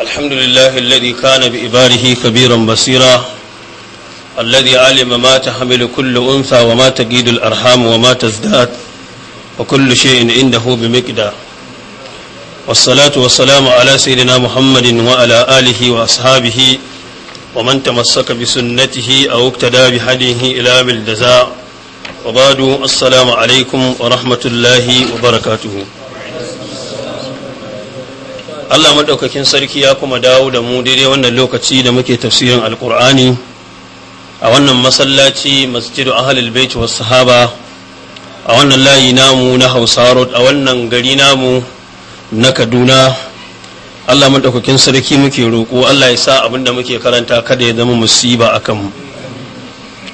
الحمد لله الذي كان بإباره كبيرا بصيرا الذي علم ما تحمل كل أنثى وما تجيد الأرحام وما تزداد وكل شيء عنده بمقدار والصلاة والسلام على سيدنا محمد وعلى آله وأصحابه ومن تمسك بسنته أو اقتدى بهديه إلى بالجزاء وبعد السلام عليكم ورحمة الله وبركاته Allah maɗaukakin sarki ya kuma dawo da mu daidai wannan lokaci da muke tafsirin alkur'ani a wannan masallaci masjidu ahalul bait was sahaba a wannan layi namu na Hausa road a wannan gari namu na Kaduna Allah maɗaukakin sarki muke roƙo Allah ya sa abin da muke karanta kada ya zama musiba akan mu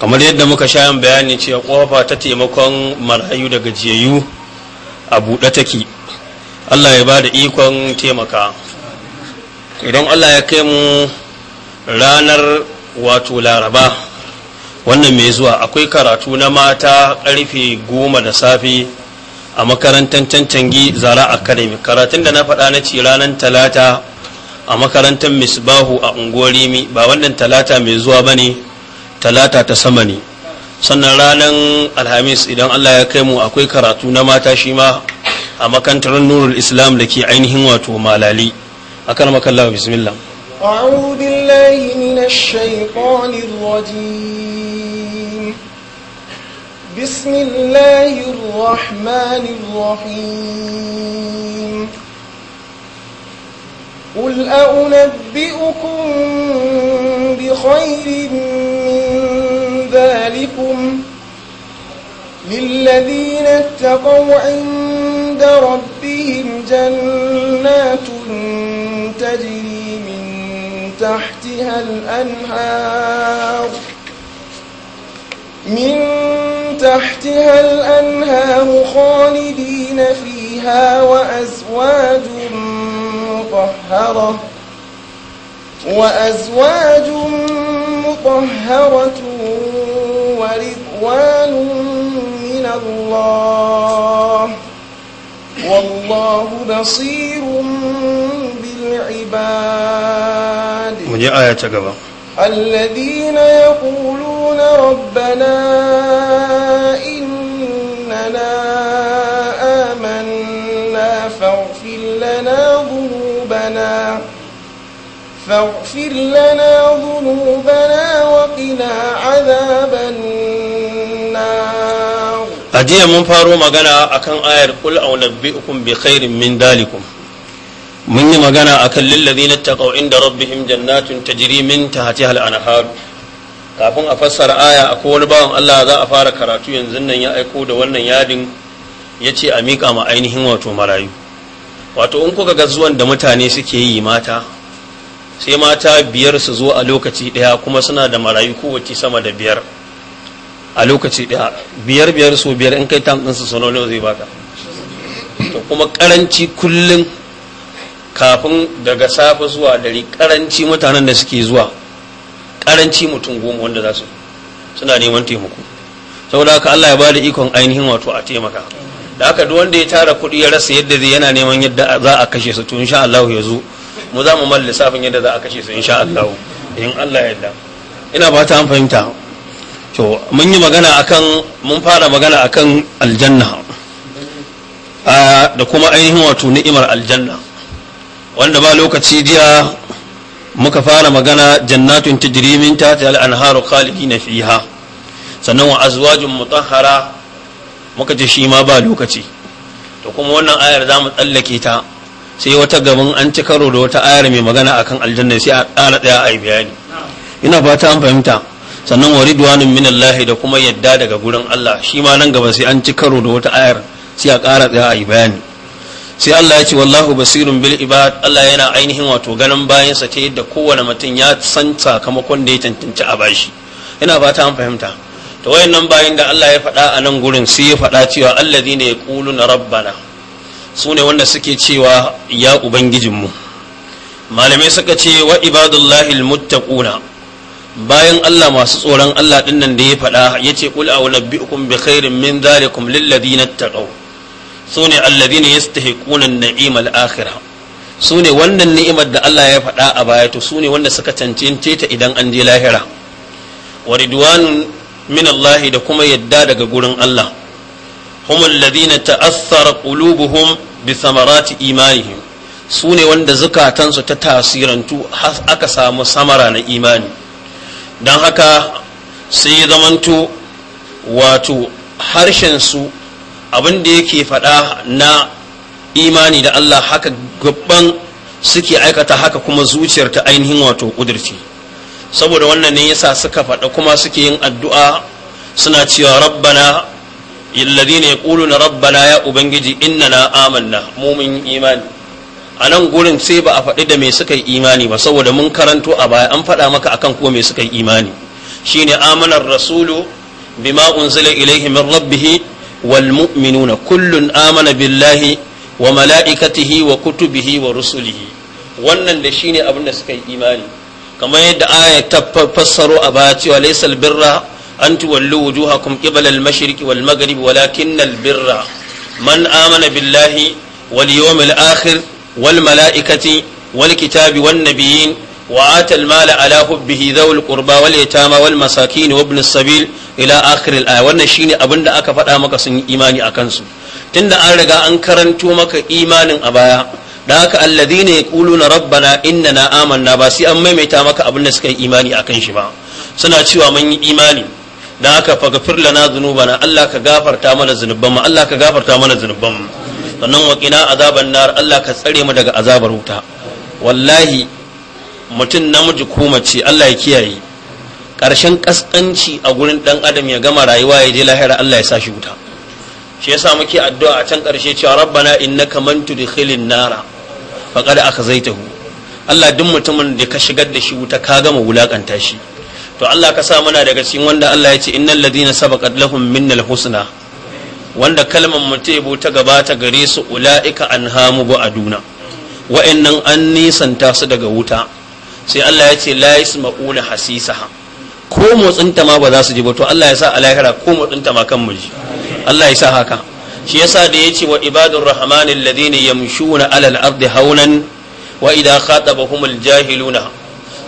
kamar yadda muka sha bayani cewa kofa ta taimakon marayu da gajiyayyu a buɗe take Allah ya ba da ikon taimaka idan Allah ya kai mu ranar wato laraba wannan mai zuwa akwai karatu na mata karfe goma da safe a makarantar cancangi zara academy karatun da na faɗa na ci ranar talata a makarantar misbahu a unguwarimi ba wannan talata mai zuwa ba ne talata ta sama ne sannan ranar alhamis idan allah ya kai mu akwai karatu na mata shi ma a makantar nurul islam da ke ainihin wato malali akan makalla bismillah أعوذ بالله من الشيطان الرجيم بسم الله الرحمن الرحيم قل أنبئكم بخير من ذلكم للذين اتقوا عند عند ربهم جنات تجري من تحتها الأنهار من تحتها الأنهار خالدين فيها وأزواج مطهرة وأزواج مطهرة ورضوان من الله والله بصير بالعباد مجھے آیا چگوا الذين يقولون ربنا إننا آمنا فاغفر لنا ذنوبنا فاغفر لنا ذنوبنا وقنا عذاب النار a jiya mun faro magana akan ayar kul aw nabbi'ukum bi khairin min dalikum mun yi magana akan lillazina taqaw inda rabbihim jannatin tajri min tahtiha al-anhar kafin a fassara aya akwai wani bawan Allah za a fara karatu yanzu nan ya aiko da wannan yadin ya ce a miƙa ma ainihin wato marayu wato in kuka ga zuwan da mutane suke yi mata sai mata biyar su zo a lokaci ɗaya kuma suna da marayu kowace sama da biyar a lokaci daya biyar biyar so biyar in kai tam ɗinsu sau nawa zai baka to kuma karanci kullum kafin daga safe zuwa dare karanci mutanen da suke zuwa karanci mutum goma wanda za su suna neman taimako saboda haka Allah ya bada ikon ainihin wato a taimaka da haka duk wanda ya tara kuɗi ya rasa yadda zai yana neman yadda za a kashe su to insha Allah ya zo mu za mu mallisa fin yadda za a kashe su insha Allah in Allah ya yarda ina ba ta an fahimta to mun yi magana akan mun fara magana akan aljanna da kuma ainihin wato ni'imar aljanna wanda ba lokaci jiya muka fara magana jannatun tajri ta ta al-anharu khalidina fiha sannan wa azwajun mutahhara muka ce shi ma ba lokaci to kuma wannan ayar za mu tsallake ta sai wata gaban an ci karo da wata ayar mai magana akan aljanna sai a ƙara tsaya a yi bayani ina fata an fahimta sannan wa ridwanun min Allah da kuma yadda daga gurin Allah shi ma nan gaba sai an ci karo da wata ayar sai a ƙara tsaya a yi bayani sai Allah ya ce wallahu basirun bil ibad Allah yana ainihin wato ganin bayansa ta yadda kowane mutum ya san sakamakon da ya cancanci a bashi ina fata an fahimta to wayannan bayan da Allah ya faɗa a nan gurin sai ya faɗa cewa Allah ya alladhina na rabbana su ne wanda suke cewa ya ubangijinmu malamai suka ce wa ibadullahi almuttaquna bayan Allah masu tsoron Allah din nan da ya faɗa ya ce kul a unabbi'ukum bi khairin min dhalikum lil ladina taqaw sune alladhina yastahiquna an-na'ima al-akhirah sune wannan ni'imar da Allah ya faɗa a baya to sune wanda suka cancance ta idan an je lahira wa ridwanun min Allah da kuma yadda daga gurin Allah hum alladhina ta'assara qulubuhum bi thamarati imanihim sune wanda zukatansu ta tasirantu aka samu samara na imani don haka sai ya zamanto wato harshensu abin da yake faɗa na imani da Allah haka gabban suke aikata haka kuma zuciyar ta ainihin wato ƙudurci saboda wannan ne yasa suka faɗa kuma suke yin addu'a suna cewa rabbana alladhina yaquluna rabbana ya ubangiji na amanna mumin imani a nan gurin sai ba a faɗi da me suka yi imani ba saboda mun karanto a baya an faɗa maka akan ko me suka yi imani shine amanar rasulu bima unzila ilaihi min rabbih wal mu'minuna kullun amana billahi wa mala'ikatihi wa kutubihi wa rusulihi wannan da shine abin da suka yi imani kamar yadda aya ta fassaro a baya cewa laysal birra an tuwallu wujuhakum qibala al-mashriqi wal maghribi walakinnal birra man amana billahi wal yawmil akhir wal mala'ikati wal kitabi wan nabiyyin wa atal mala ala hubbihi dhawul qurba wal yatama wal masakin wa ibn sabil ila akhir al aya wannan shine abinda aka faɗa maka sun yi imani akan su tunda an riga an karanto maka imanin a baya da haka ya alladhina na rabbana innana amanna ba sai an maimaita maka abin da suka yi imani akan shi ba suna cewa mun yi imani da haka faghfir lana dhunubana Allah ka gafarta mana zunubanmu Allah ka gafarta mana zunubanmu sannan waƙina azaban nar Allah ka tsare mu daga azabar wuta wallahi mutum namiji ko mace Allah ya kiyaye ƙarshen ƙasƙanci a gurin ɗan adam ya gama rayuwa ya je lahira Allah ya sa shi wuta shi yasa muke addu'a a can ƙarshe cewa rabbana innaka man tudkhilin nara zai akhzaytahu Allah duk mutumin da ka shigar da shi wuta ka gama wulakanta shi to Allah ka sa muna daga cikin wanda Allah ya ce innal ladina sabaqat lahum minnal husna wanda kalmar mutebu ta gabata gare su ula'ika an hamu duna wa'annan an nisanta su daga wuta sai Allah ya ce lais yasma'una hasisaha ko motsin ta ma ba za su ji ba to Allah ya sa alakhira ko motsin ta ma kan mu ji Allah ya sa haka shi yasa da yace wa ibadur rahmani alladhina yamshuna ala al-ardi haunan wa idha khatabahumul jahiluna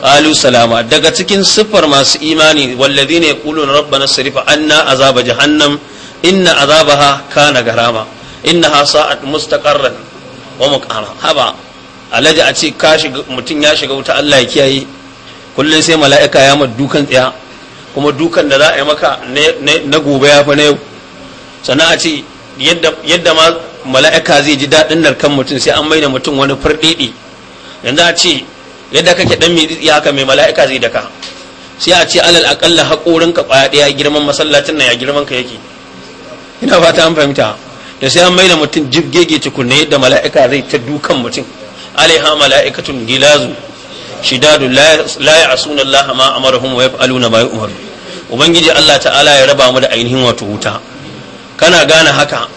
qalu salama daga cikin siffar masu imani walladhina yaquluna rabbana sarif anna azaba jahannam inna azabaha kana garama innaha sa'at mustaqarran wa muqama haba alaji a ce ka shiga mutum ya shiga wuta Allah ya kiyaye kullum sai mala'ika ya mata dukan tsaya kuma dukan da za a yi maka na gobe ya fa na yau sannan a ce yadda ma mala'ika zai ji daɗin narkan mutum sai an mai da mutum wani farɗiɗi yanzu a ce yadda kake ɗan mai ya haka mai mala'ika zai daka sai a ce alal aƙalla haƙorinka ƙwaya ɗaya girman masallacin nan ya girman ka yake ina fata an fahimta da sai an maida mutum jibgege tukunne yadda mala'ika zai ta dukan mutum alaiha mala'ikatun gilazu shidadu la sunan Allah ma amarahum wa yaf'aluna ma yu'maru ubangiji Allah ta'ala ya raba mu da ainihin wato wuta kana gane haka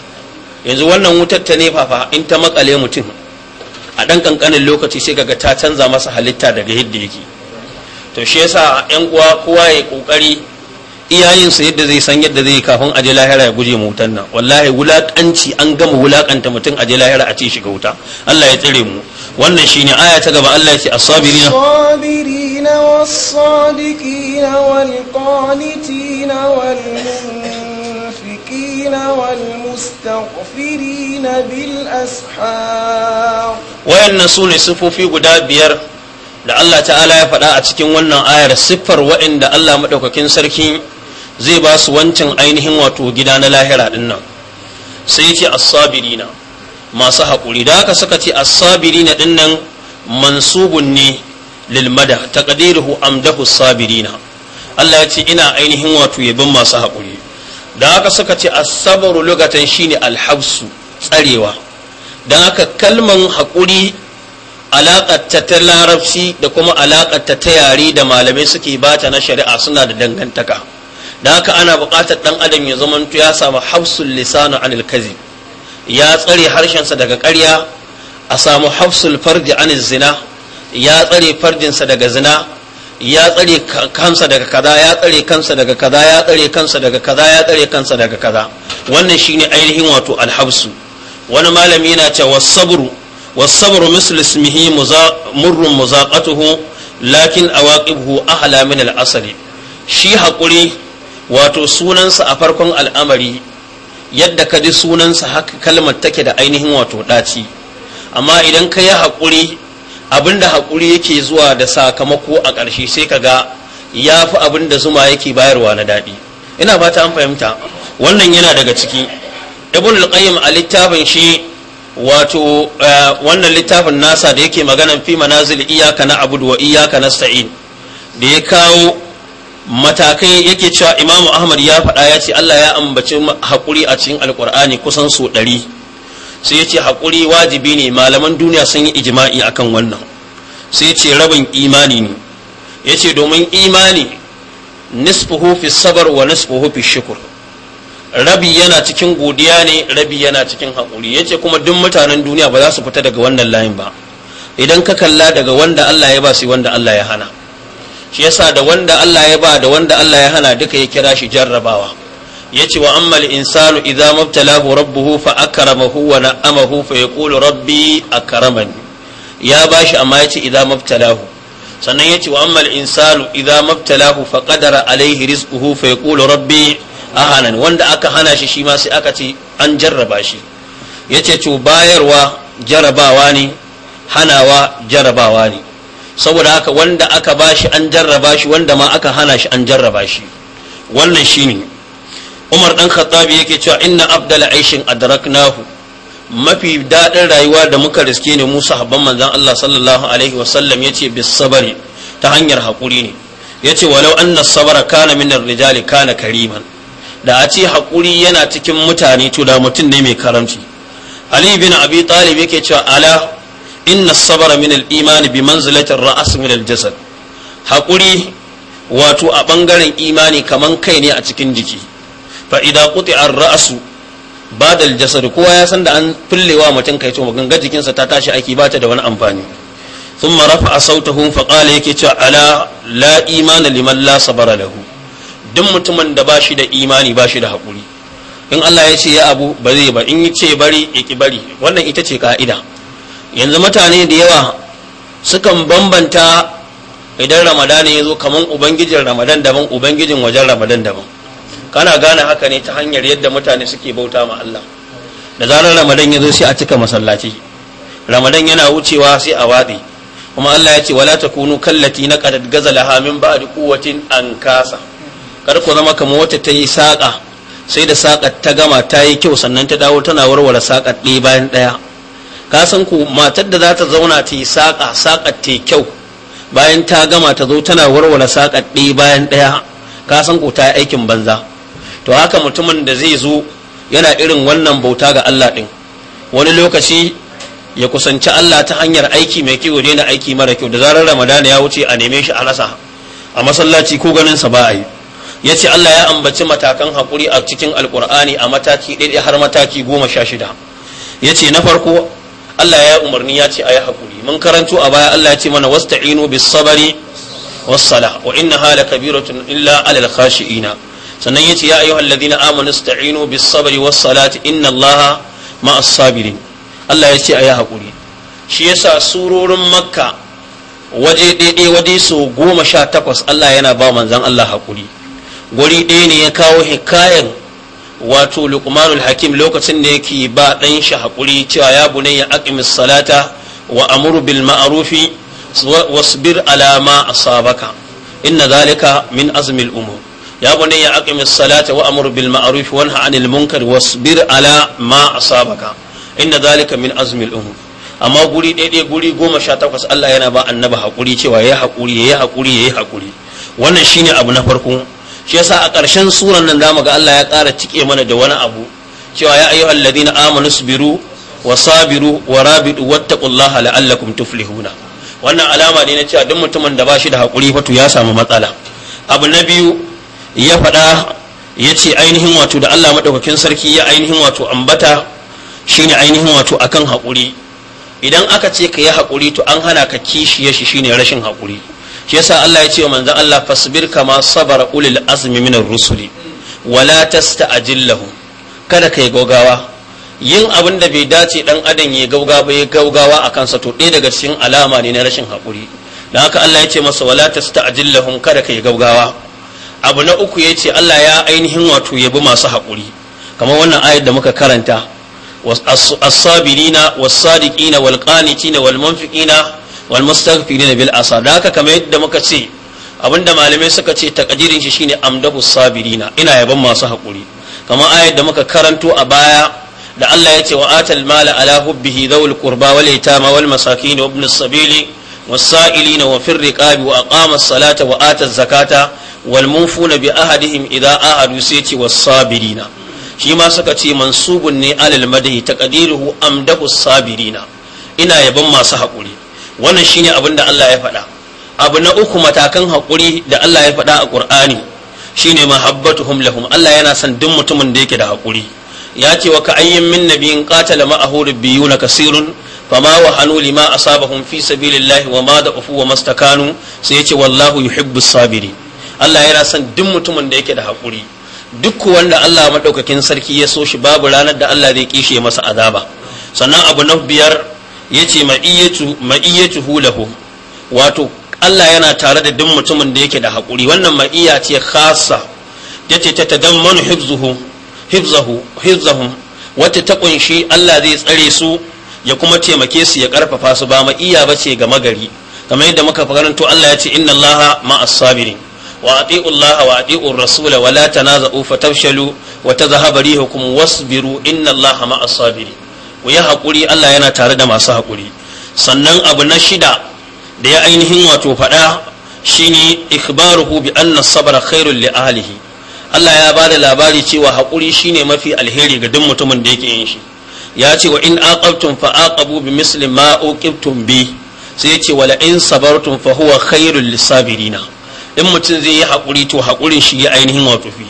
yanzu wannan wutar ta nefa fa in ta makale mutum a dan kankanin lokaci sai kaga ta canza masa halitta daga yadda yake to shi yasa yan uwa kowa ya kokari iyayensa yadda zai san yadda zai kafin aje lahira ya guje mu nan wallahi wulakanci an gama wulakanta mutum aje lahira a ce shiga wuta Allah ya tsire mu wannan shine aya ta gaba Allah ya ce as-sabirina sabirina was-sadiqina wal-qanitina wal-munfiqina wal-mustaghfirina bil wayannan sune sifofi guda biyar da Allah ta'ala ya faɗa a cikin wannan ayar siffar waɗanda Allah maɗaukakin sarki zai ba su wancan ainihin wato gida na lahira din nan sai ce as-sabirina masu haƙuri da haka suka ce as-sabirina din nan mansubun ne lilmada ta taqdiruhu amdahu as-sabirina Allah ya ce ina ainihin wato yabin masu haƙuri da haka suka ce as-sabru lugatan shine al tsarewa dan haka kalman haƙuri alaƙata ta larabci da kuma alaƙata ta yare da malamai suke bata na shari'a suna da dangantaka da haka ana buƙatar ɗan adam ya zama ya samu hafsul lisanu anil kazi ya tsare harshensa daga ƙarya a samu hafsul fardi anil zina ya tsare fardinsa daga zina ya tsare kansa daga kaza ya tsare kansa daga kaza ya tsare kansa daga kaza ya tsare kansa daga kaza wannan shine ainihin wato alhabsu wani malami yana cewa sabru والصبر مثل اسمه مر مزاقته لكن أواقبه أحلى من asali shi haƙuri wato sunansa a farkon al'amari yadda ka ji sunansa haka kalmar take da ainihin wato ɗaci amma idan ka yi haƙuri abinda haƙuri yake zuwa da sakamako a ƙarshe sai ka ga ya fi abin da zuma yake bayarwa na daɗi ina fata an fahimta wannan yana daga ciki ibn al a littafin shi wato eh, wannan littafin nasa da yake maganan fi manazil iyaka na abudu wa iyaka nasta'in da ya kawo matakai yake cewa imamu ahmad ya faɗa ya ce allah ya ambaci haƙuri a cikin alƙur'ani kusan so ɗari sai ya ce haƙuri wajibi ne malaman duniya sun yi ijima'i akan wannan sai ya ce rabin imani ne ya ce domin imani nisfu hufi sabar wa nisfu hufi shukur rabi yana cikin godiya ne rabi yana cikin haƙuri ya ce kuma duk mutanen duniya ba za su fita daga wannan layin ba idan ka kalla daga wanda allah ya ba su wanda allah ya hana shi yasa da wanda Allah ya ba da wanda Allah ya hana duka ya kira shi jarrabawa yace wa ammal insanu idza mubtalahu rabbuhu fa akramahu wa na'amahu fa yaqulu rabbi akramani ya bashi amma yace idza mubtalahu sannan yace wa ammal insanu idza mubtalahu fa qadara alaihi rizquhu fa yaqulu rabbi ahanan wanda aka hana shi shima sai aka ce an jarraba shi yace to bayarwa jarabawa ne hanawa jarabawa ne saboda haka wanda aka bashi an jarraba shi wanda ma aka hana shi an jarraba shi wannan shine Umar dan Khattabi yake cewa inna abdal aishin adraknahu mafi daɗin rayuwa da muka riske ne mu sahabban manzon Allah sallallahu alaihi wasallam yace bis sabari ta hanyar hakuri ne yace walau anna sabara kana min rijali kana kariman da a ce haƙuri yana cikin mutane to da mutum ne mai karamci ali bin abi talib yake cewa ala inna sabara min al-imani bi manzilatin ra'as min al-jasad haƙuri wato a ɓangaren imani kaman kai ne a cikin jiki fa idan kuti an ra'asu ba da jasad kowa ya san da an fillewa mutum kai to ganga jikinsa ta tashi aiki ba ta da wani amfani sun marafa a sautahun yake cewa ala la imana liman la sabara lahu duk mutumin da ba shi da imani ba shi da haƙuri in Allah ya ce ya abu ba zai ba in ce bari ya ki bari wannan ita ce ka'ida yanzu mutane da yawa sukan bambanta idan ramadan ya zo kamar ubangijin ramadan daban ubangijin wajen ramadan daban kana gane haka ne ta hanyar yadda mutane suke bauta ma Allah da zarar ramadan ya zo sai a cika masallaci ramadan yana wucewa sai a watsi kuma Allah ya ce wala takunu kallati na qad gazalaha min ba'di quwwatin an kasa kar ku zama kamar wata ta yi saƙa sai da sakar ta gama ta yi kyau sannan ta dawo tana warware sakar ɗaya bayan ɗaya ka san ku matar da za ta zauna ta yi saƙa saƙar ta kyau bayan ta gama ta zo tana warware saƙar ɗaya bayan ɗaya ka san ku ta yi aikin banza to haka mutumin da zai zo yana irin wannan bauta ga Allah ɗin wani lokaci ya kusanci Allah ta hanyar aiki mai kyau daina aiki mara kyau da zarar Ramadana ya wuce a neme shi a rasa a masallaci ko ganin sa ba a yi ya ce Allah ya ambaci matakan hakuri a cikin alƙur'ani a mataki ɗaya har mataki goma sha shida ya ce na farko Allah ya umarni ya ce a yi haƙuri mun karanto a baya Allah ya ce mana wasta'inu bis sabari was sala wa innaha lakabiratun illa alal khashiina sannan yace ya ayyuhal ladina amanu ista'inu bis sabari was salati inna Allaha ma'as sabirin Allah ya ce a yi haƙuri shi yasa surorin makka waje ɗaiɗai waje so goma sha takwas Allah yana ba manzan Allah haƙuri guri ɗaya ne ya kawo hikayen wato luqmanul hakim lokacin da yake ba ɗan shi haƙuri cewa ya ya aqimis salata wa amur bil ma'rufi wasbir ala ma asabaka inna zalika min azmil umur ya ya aqimis salata wa amur bil ma'ruf wa nahy anil munkar wasbir ala ma asabaka inna zalika min azmil umur amma guri ɗaya guri goma sha takwas Allah yana ba annaba haƙuri cewa ya haƙuri ya haƙuri ya haƙuri wannan shine abu na farko shi yasa a ƙarshen suran nan zamu ga Allah ya ƙara cike mana da wani abu cewa ya ayyuhal ladina amanu sabiru wa sabiru wa rabidu wattaqullaha la'allakum tuflihuna wannan alama ne na cewa duk mutumin da bashi da hakuri fa to ya samu matsala abu na biyu ya faɗa ya ce ainihin wato da Allah madaukakin sarki ya ainihin wato ambata shine ainihin wato akan hakuri idan aka ce ka yi haƙuri to an hana ka kishiye shi shine rashin hakuri shi yasa Allah ya ce wa manzon Allah fasbir kama sabara ulil azmi ar rusuli wala tasta'jil lahum kada kai gogawa yin abin da bai dace dan adam ya gauga ba ya gaugawa a kansa to ɗaya daga cikin alama ne na rashin haƙuri dan haka Allah ya ce masa wala tasta'jil lahum kada kai gaugawa abu na uku ya ce Allah ya ainihin wato yabi masu haƙuri kamar wannan ayar da muka karanta as-sabirina was-sadiqina wal-qanitina wal-munfiqina wal mustaghfirina bil asar da haka kama yadda muka ce abinda malamai suka ce takadirin shi shine amdahu sabirina ina yaban masu hakuri kamar ayar muka karanto a baya da Allah ya ce wa atal mala ala kurba dhawul qurba wal yatama wal masakin wa ibn as-sabili was-sa'ilina wa fir riqabi wa aqama as-salata wa ata az-zakata wal mufuna bi ahadihim idha ahadu sai ce was shi ma suka ce mansubun ne alal madahi taqdiruhu amdahu as-sabirina ina yaban masu hakuri wannan shine abin da Allah ya faɗa abu na uku matakan haƙuri da Allah ya faɗa a Qur'ani shine mahabbatuhum lahum Allah yana son duk mutumin da yake da haƙuri ya ce wa ka ayyin min nabiyin qatala ma'ahu rabbiyuna kasirun fama wa hanu lima asabahum fi sabilillahi wa ma da'ufu wa mastakanu sai ya ce wallahu yuhibbus sabiri Allah yana son duk mutumin da yake da haƙuri duk wanda Allah madaukakin sarki ya so shi babu ranar da Allah zai kishe masa azaba sannan abu na biyar yace ce ma'iyatu lahu wato Allah yana tare da duk mutumin da yake da haƙuri wannan ma'iyya ce ya ce ta tadan manu hifzahu wata ta ƙunshi Allah zai tsare su ya kuma taimake su ya karfafa su ba ba ce ga magari kamar yadda muka karanto Allah ya ce inna Allaha ma'as sabirin wa ati'u Allah wa ati'u rasula wa la tanaza'u fatafshalu wa tadhhabu rihukum wasbiru inna allah ma'as sabirin ku yi haƙuri Allah yana tare da masu haƙuri sannan abu na shida da ya ainihin wato faɗa shine ikhbaruhu bi anna sabra khairul li ahlihi Allah ya bada labari cewa haƙuri shine mafi alheri ga duk mutumin da yake yin shi ya ce wa in aqabtum fa aqabu bi misli ma uqibtum bi sai ya ce wala in sabartum fa huwa khairul lisabirina in mutum zai yi haƙuri to haƙurin shi ya ainihin wato fi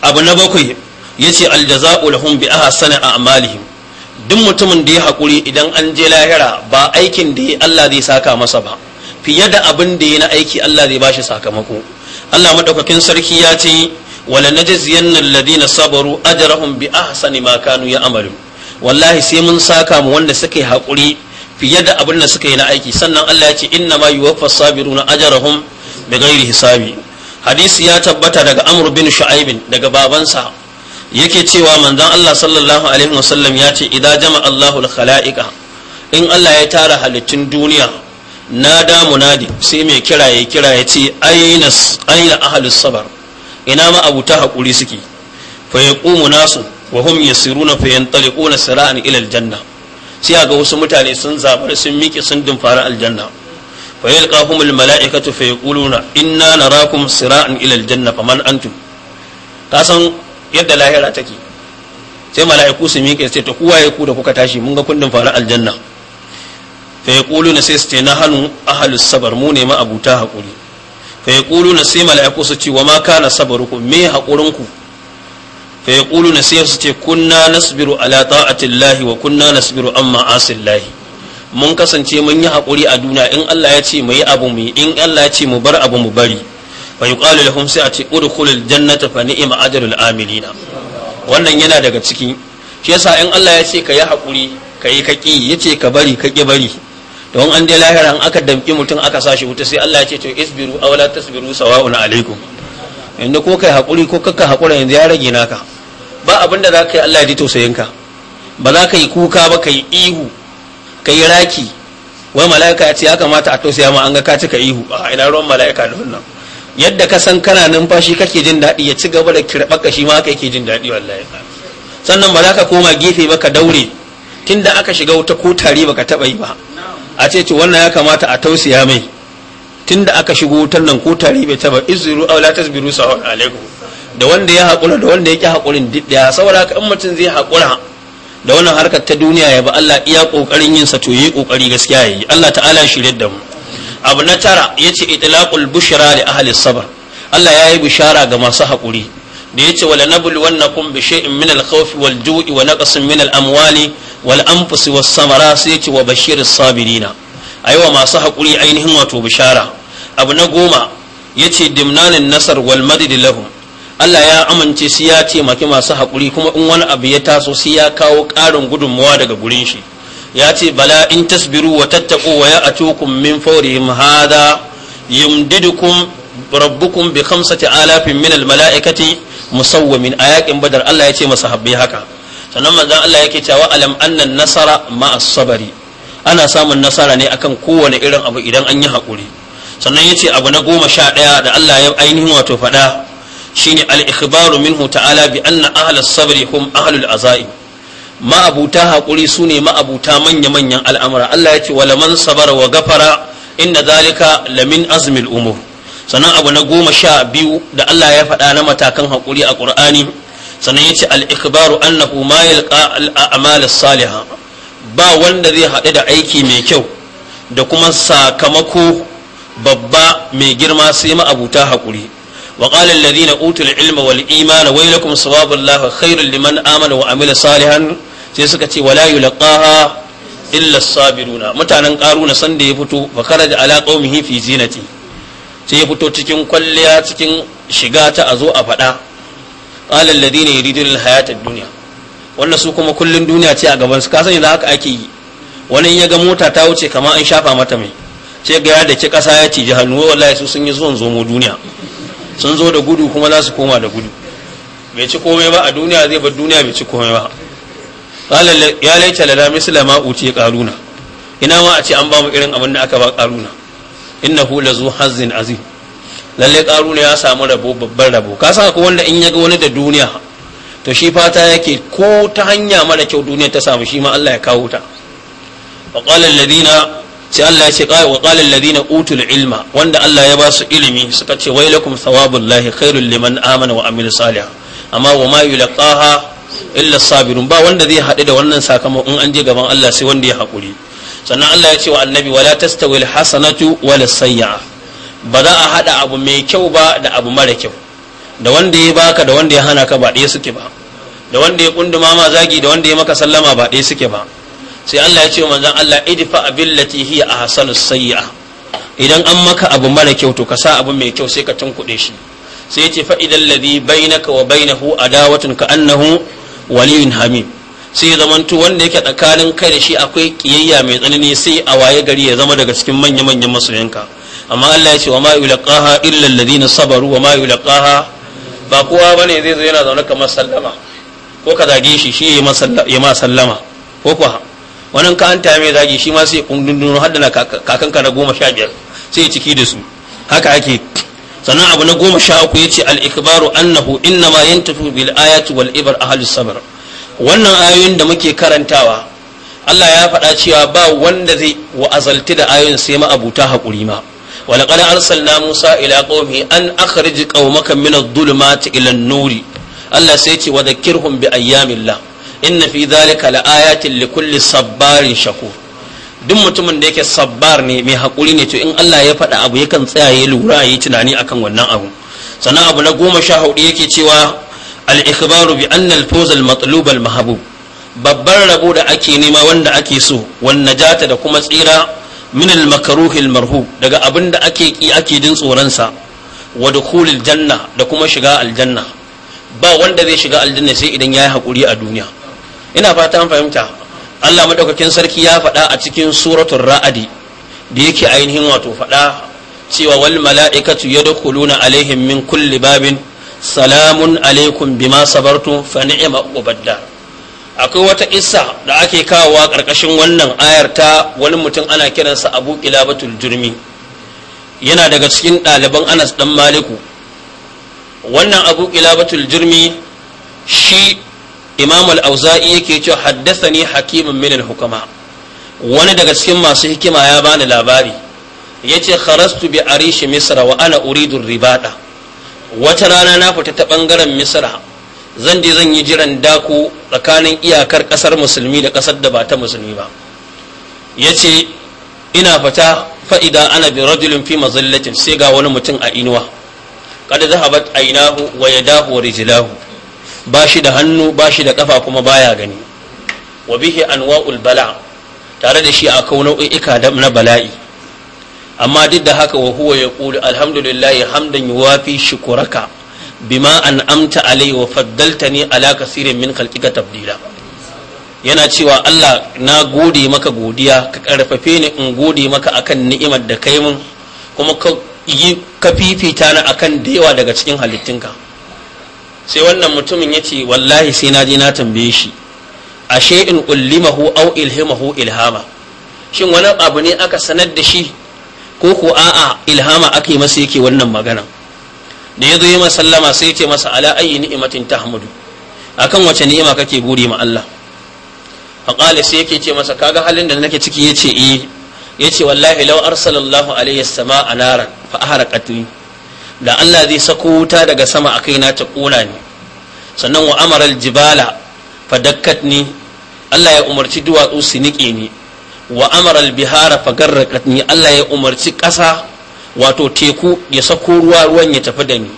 abu na bakwai yace aljaza'u lahum bi ahsani a'malihim duk mutumin da ya haƙuri idan an je lahira ba aikin da ya Allah zai saka masa ba fiye da abin da ya na aiki Allah zai bashi sakamako Allah madaukakin sarki ya ce wala najziyanna alladhina sabaru ajrahum bi ahsani ma kanu amarin. wallahi sai mun saka mu wanda suka yi haƙuri fiye da abin da suka yi na aiki sannan Allah ya ce inna ma yuwaffas sabiruna ajrahum bi ghairi hisabi hadisi ya tabbata daga Amr bin Shu'aib daga babansa yake cewa manzon Allah sallallahu alaihi wasallam ya ce idan jama Allahu al-khala'iqa in Allah ya tara halittun duniya na da munadi sai mai kira ya kira ya ce aina aina sabar ina ma abuta hakuri suke fa yaqumu nasu wa hum yasiruna fa yantaliquna sira'an ila al-janna sai ga wasu mutane sun zabar sun miƙe sun dumfara aljanna fa yalqahum al-mala'ikatu fa yaquluna inna narakum sira'an ila al-janna faman antum kasan yadda lahira take sai mala'iku su miƙe sai ta kuwa ya ku da kuka tashi mun ga kundin faru aljanna fa na sai su ce na hannu ahlus sabar mu ne ma abuta hakuri fa na sai mala'iku su ce wa ma kana ku me hakurin ku fa na sai su ce kunna nasbiru ala ta'atillahi wa kunna nasbiru amma asillahi mun kasance mun yi haƙuri a duniya in Allah ya ce mu yi abu mu in Allah ya ce mu bar abu mu bari fa yuqalu lahum sa'ati a ce udkhulul jannata fa ni'ma ajrul amilin wannan yana daga ciki shi yasa in Allah ya ce ka yi hakuri ka yi kaki ya ka bari ka ki bari don an dai lahira an aka damki mutum aka sashi wuta sai Allah ya ce to isbiru aw la tasbiru sawa'un alaikum inda ko kai hakuri ko kakka hakura yanzu ya rage naka ba abin da zaka yi Allah ya ji tausayin ka ba za ka yi kuka ba ka yi ihu ka yi raki wai mala'ika ya ce ya kamata a tausaya ma an ga ka cika ihu a ina ruwan mala'ika da wannan yadda ka san kana numfashi kake jin daɗi ya ci gaba da kirɓar ka shi ma haka yake jin daɗi wallahi sannan ba za ka koma gefe ba ka daure tunda aka shiga wuta ko tari baka taɓa yi ba a ce to wannan ya kamata a tausaya mai tunda aka shigo wutar nan ko tari bai taɓa izuru aw la tasbiru sawal alaikum da wanda ya haƙura da wanda ya ƙi haƙurin diddiya saboda haka in mutum zai haƙura da wannan harkar ta duniya ya ba Allah iya ƙoƙarin yin sa to yi ƙoƙari gaskiya yi Allah ta'ala shirye da mu abu na tara yace itlaqul bushra da ahli sabar Allah ya yi bishara ga masu haƙuri da ya ce buli wannan kun bi shay'in min al-khawf wal ju'i wa naqsin min al-amwali wal anfusi was samara sai ya ce wa bashir as-sabirina wa masu haƙuri ainihin wato bishara abu na goma ya ce dimnanin nasar wal madid lahum Allah ya amince su ya taimaki masu haƙuri kuma in wani abu ya taso sai ya kawo ƙarin gudunmawa daga gurin shi ya ce bala in tasbiru wa tattaku wa ya atukum min fawrihim hada yumdidukum rabbukum bi khamsati alafin min mala'ikati musawwamin a yakin badar Allah ya ce masahabbai haka sannan manzon Allah yake cewa alam annan nasara ma sabari ana samun nasara ne akan kowane irin abu idan an yi hakuri sannan yace abu na goma sha ɗaya da Allah ya ainihin wato faɗa shine al-ikhbaru minhu ta'ala bi anna ahlus sabri hum ahlul azaim ma'abuta haƙuri su ne ma'abuta manya-manyan al'amura Allah ya ce wa laman sabara wa gafara inna zalika lamin azmil umur sannan abu na goma sha biyu da Allah ya faɗa na matakan haƙuri a ƙur'ani sannan ya ce al'ikbaru annahu ma yalqa al'amal ba wanda zai haɗu da aiki mai kyau da kuma sakamako babba mai girma sai ma'abuta haƙuri وقال الذين أوتوا العلم والإيمان ويلكم ثواب الله liman لمن wa amila salihan. sai suka ce wala yulqaha illa sabiruna mutanen karuna san da ya fito fa kharaja ala qaumihi fi zinati sai ya fito cikin kwalliya cikin shiga ta a zo a faɗa qala alladhina yuridun alhayata ad-dunya wannan su kuma kullun duniya ce a gaban su ka sani da haka ake yi wani ya ga mota ta wuce kamar an shafa mata mai sai ga da ke kasa ya ci hannu wallahi su sun yi zuwan zomo duniya sun zo da gudu kuma za su koma da gudu bai ci komai ba a duniya zai bar duniya bai ci komai ba qala ya laita lana misla ma uce karuna ina ma a ce an ba mu irin abin da aka ba karuna inna innahu lazu hazin azim lalle karuna ya samu rabo babban rabo ka sa ko wanda in ya ga wani da duniya to shi fata yake ko ta hanya mara kyau duniya ta samu shi ma Allah ya kawo ta wa qala alladhina sai Allah ya ce wa qala alladhina utul ilma wanda Allah ya ba su ilimi suka ce wailakum thawabullahi khairul liman amana wa amila salih amma wa ma yulqaha illa sabirun ba wanda zai haɗu da wannan sakamakon in an je gaban Allah sai wanda ya haƙuri sannan Allah ya ce wa annabi wala tastawil hasanatu wala sayya'a ba za a haɗa abu mai kyau ba da abu mara kyau da wanda ya baka da wanda ya hana ka ba ɗaya suke ba da wanda ya kunduma ma zagi da wanda ya maka sallama ba ɗaya suke ba sai Allah ya ce wa manzon Allah idfa billati hiya ahsanu sayya'a idan an maka abu mara kyau to ka sa abu mai kyau sai ka tunkuɗe shi sai ya ce fa idan ladhi bainaka wa bainahu adawatun ka annahu waliyun hamim sai ya zamantu wanda yake tsakanin kai da shi akwai kiyayya mai tsanani sai a waye gari ya zama daga cikin manya-manyan masoyanka amma Allah ya ce wa ma yulqaha illa alladhina sabaru wa ma yulqaha ba kowa bane zai zo yana zaune kamar sallama ko ka zage shi shi ya ma sallama ko kuwa wannan ka an mai zagi shi ma sai kundin har da kakanka na goma sha biyar sai ya ciki da su haka ake sannan abu na goma sha uku yace ce al’ikbaru annahu inna ma yantafi tafi bil ayati wal ibar ahalus sabar wannan ayoyin da muke karantawa Allah ya faɗa cewa ba wanda zai wa'azalti da ayoyin sai ma'abuta haƙuri ma wala qala na musa ila qaumi an akhrij qaumaka mina adh ta ila nuri Allah sai ce wa dhakkirhum bi ayyamillah inna fi dhalika la ayatin li kulli duk mutumin da yake sabbar ne mai hakuri ne to in Allah ya faɗa abu yakan tsaya ya lura ya yi tunani akan wannan abu sannan abu na goma sha hudu yake cewa al-ikhbaru bi anna al-fawz al-matlub al-mahbub babban rabo da ake nema wanda ake so wan najata da kuma tsira min al-makruh al-marhub daga abin da ake ki ake jin tsoron sa wa dukhul janna da kuma shiga aljanna ba wanda zai shiga aljanna sai idan yayi hakuri a duniya ina fata an fahimta Allah madaukakin sarki ya faɗa a cikin suratul ra'adi da yake ainihin wato faɗa cewa wal mala'ikatu yadkhuluna alaihim min kulli babin salamun alaikum bima sabartum fa ni'ma ubadda akwai wata isa da ake kawowa karkashin wannan ayar ta wani mutum ana kiransa Abu Qilabatul Jurmi yana daga cikin ɗaliban Anas dan Maliku wannan Abu Qilabatul Jurmi shi imam al-auza'i yake cewa haddathani hakimun min al-hukama wani daga cikin masu hikima ya bani labari yace kharastu bi arishi misra wa ana uridu ribada wata rana na fita ta bangaren misra zan je zan yi jiran dako tsakanin iyakar kasar musulmi da kasar da ba ta musulmi ba yace ina fita fa'ida ana bi rajulin fi mazallatin sai ga wani mutum a inuwa kada zahabat ainahu wa yadahu wa rijlahu ba shi da hannu ba shi da kafa kuma baya gani wa bihi anwa'ul bala tare da shi a kau da na bala'i amma duk da haka wa huwa ya ƙuli alhamdulillahi hamdan yuwafi shukuraka bima an amta alai wa faddalta ne ala kasirin min khalqika tabdila yana cewa Allah na gode maka godiya ka karfafe ni in gode maka akan ni'imar da kai mun kuma ka yi kafifita fifita na akan da yawa daga cikin halittunka sai wannan mutumin ya ce wallahi sai na je na tambaye shi ashe in ullimahu au ilhimahu ilhama shin wani abu ne aka sanar da shi ko ko a'a ilhama ake masa yake wannan magana da ya zo yi masallama sai ce masa ala ayi ni'imatin tahmudu akan wace ni'ima kake gode ma Allah faqala sai yake ce masa kaga halin da nake ciki yace eh yace wallahi law arsalallahu alayhi as-samaa naran fa aharaqatni da Allah zai sako wuta daga sama a kai na ta ƙona ni sannan wa amaral jibala fadakkat ni Allah ya umarci duwatsu su nike ni wa amaral bihara fagarrakat ni Allah ya umarci ƙasa wato teku ya sako ruwa ruwan ya tafi da ni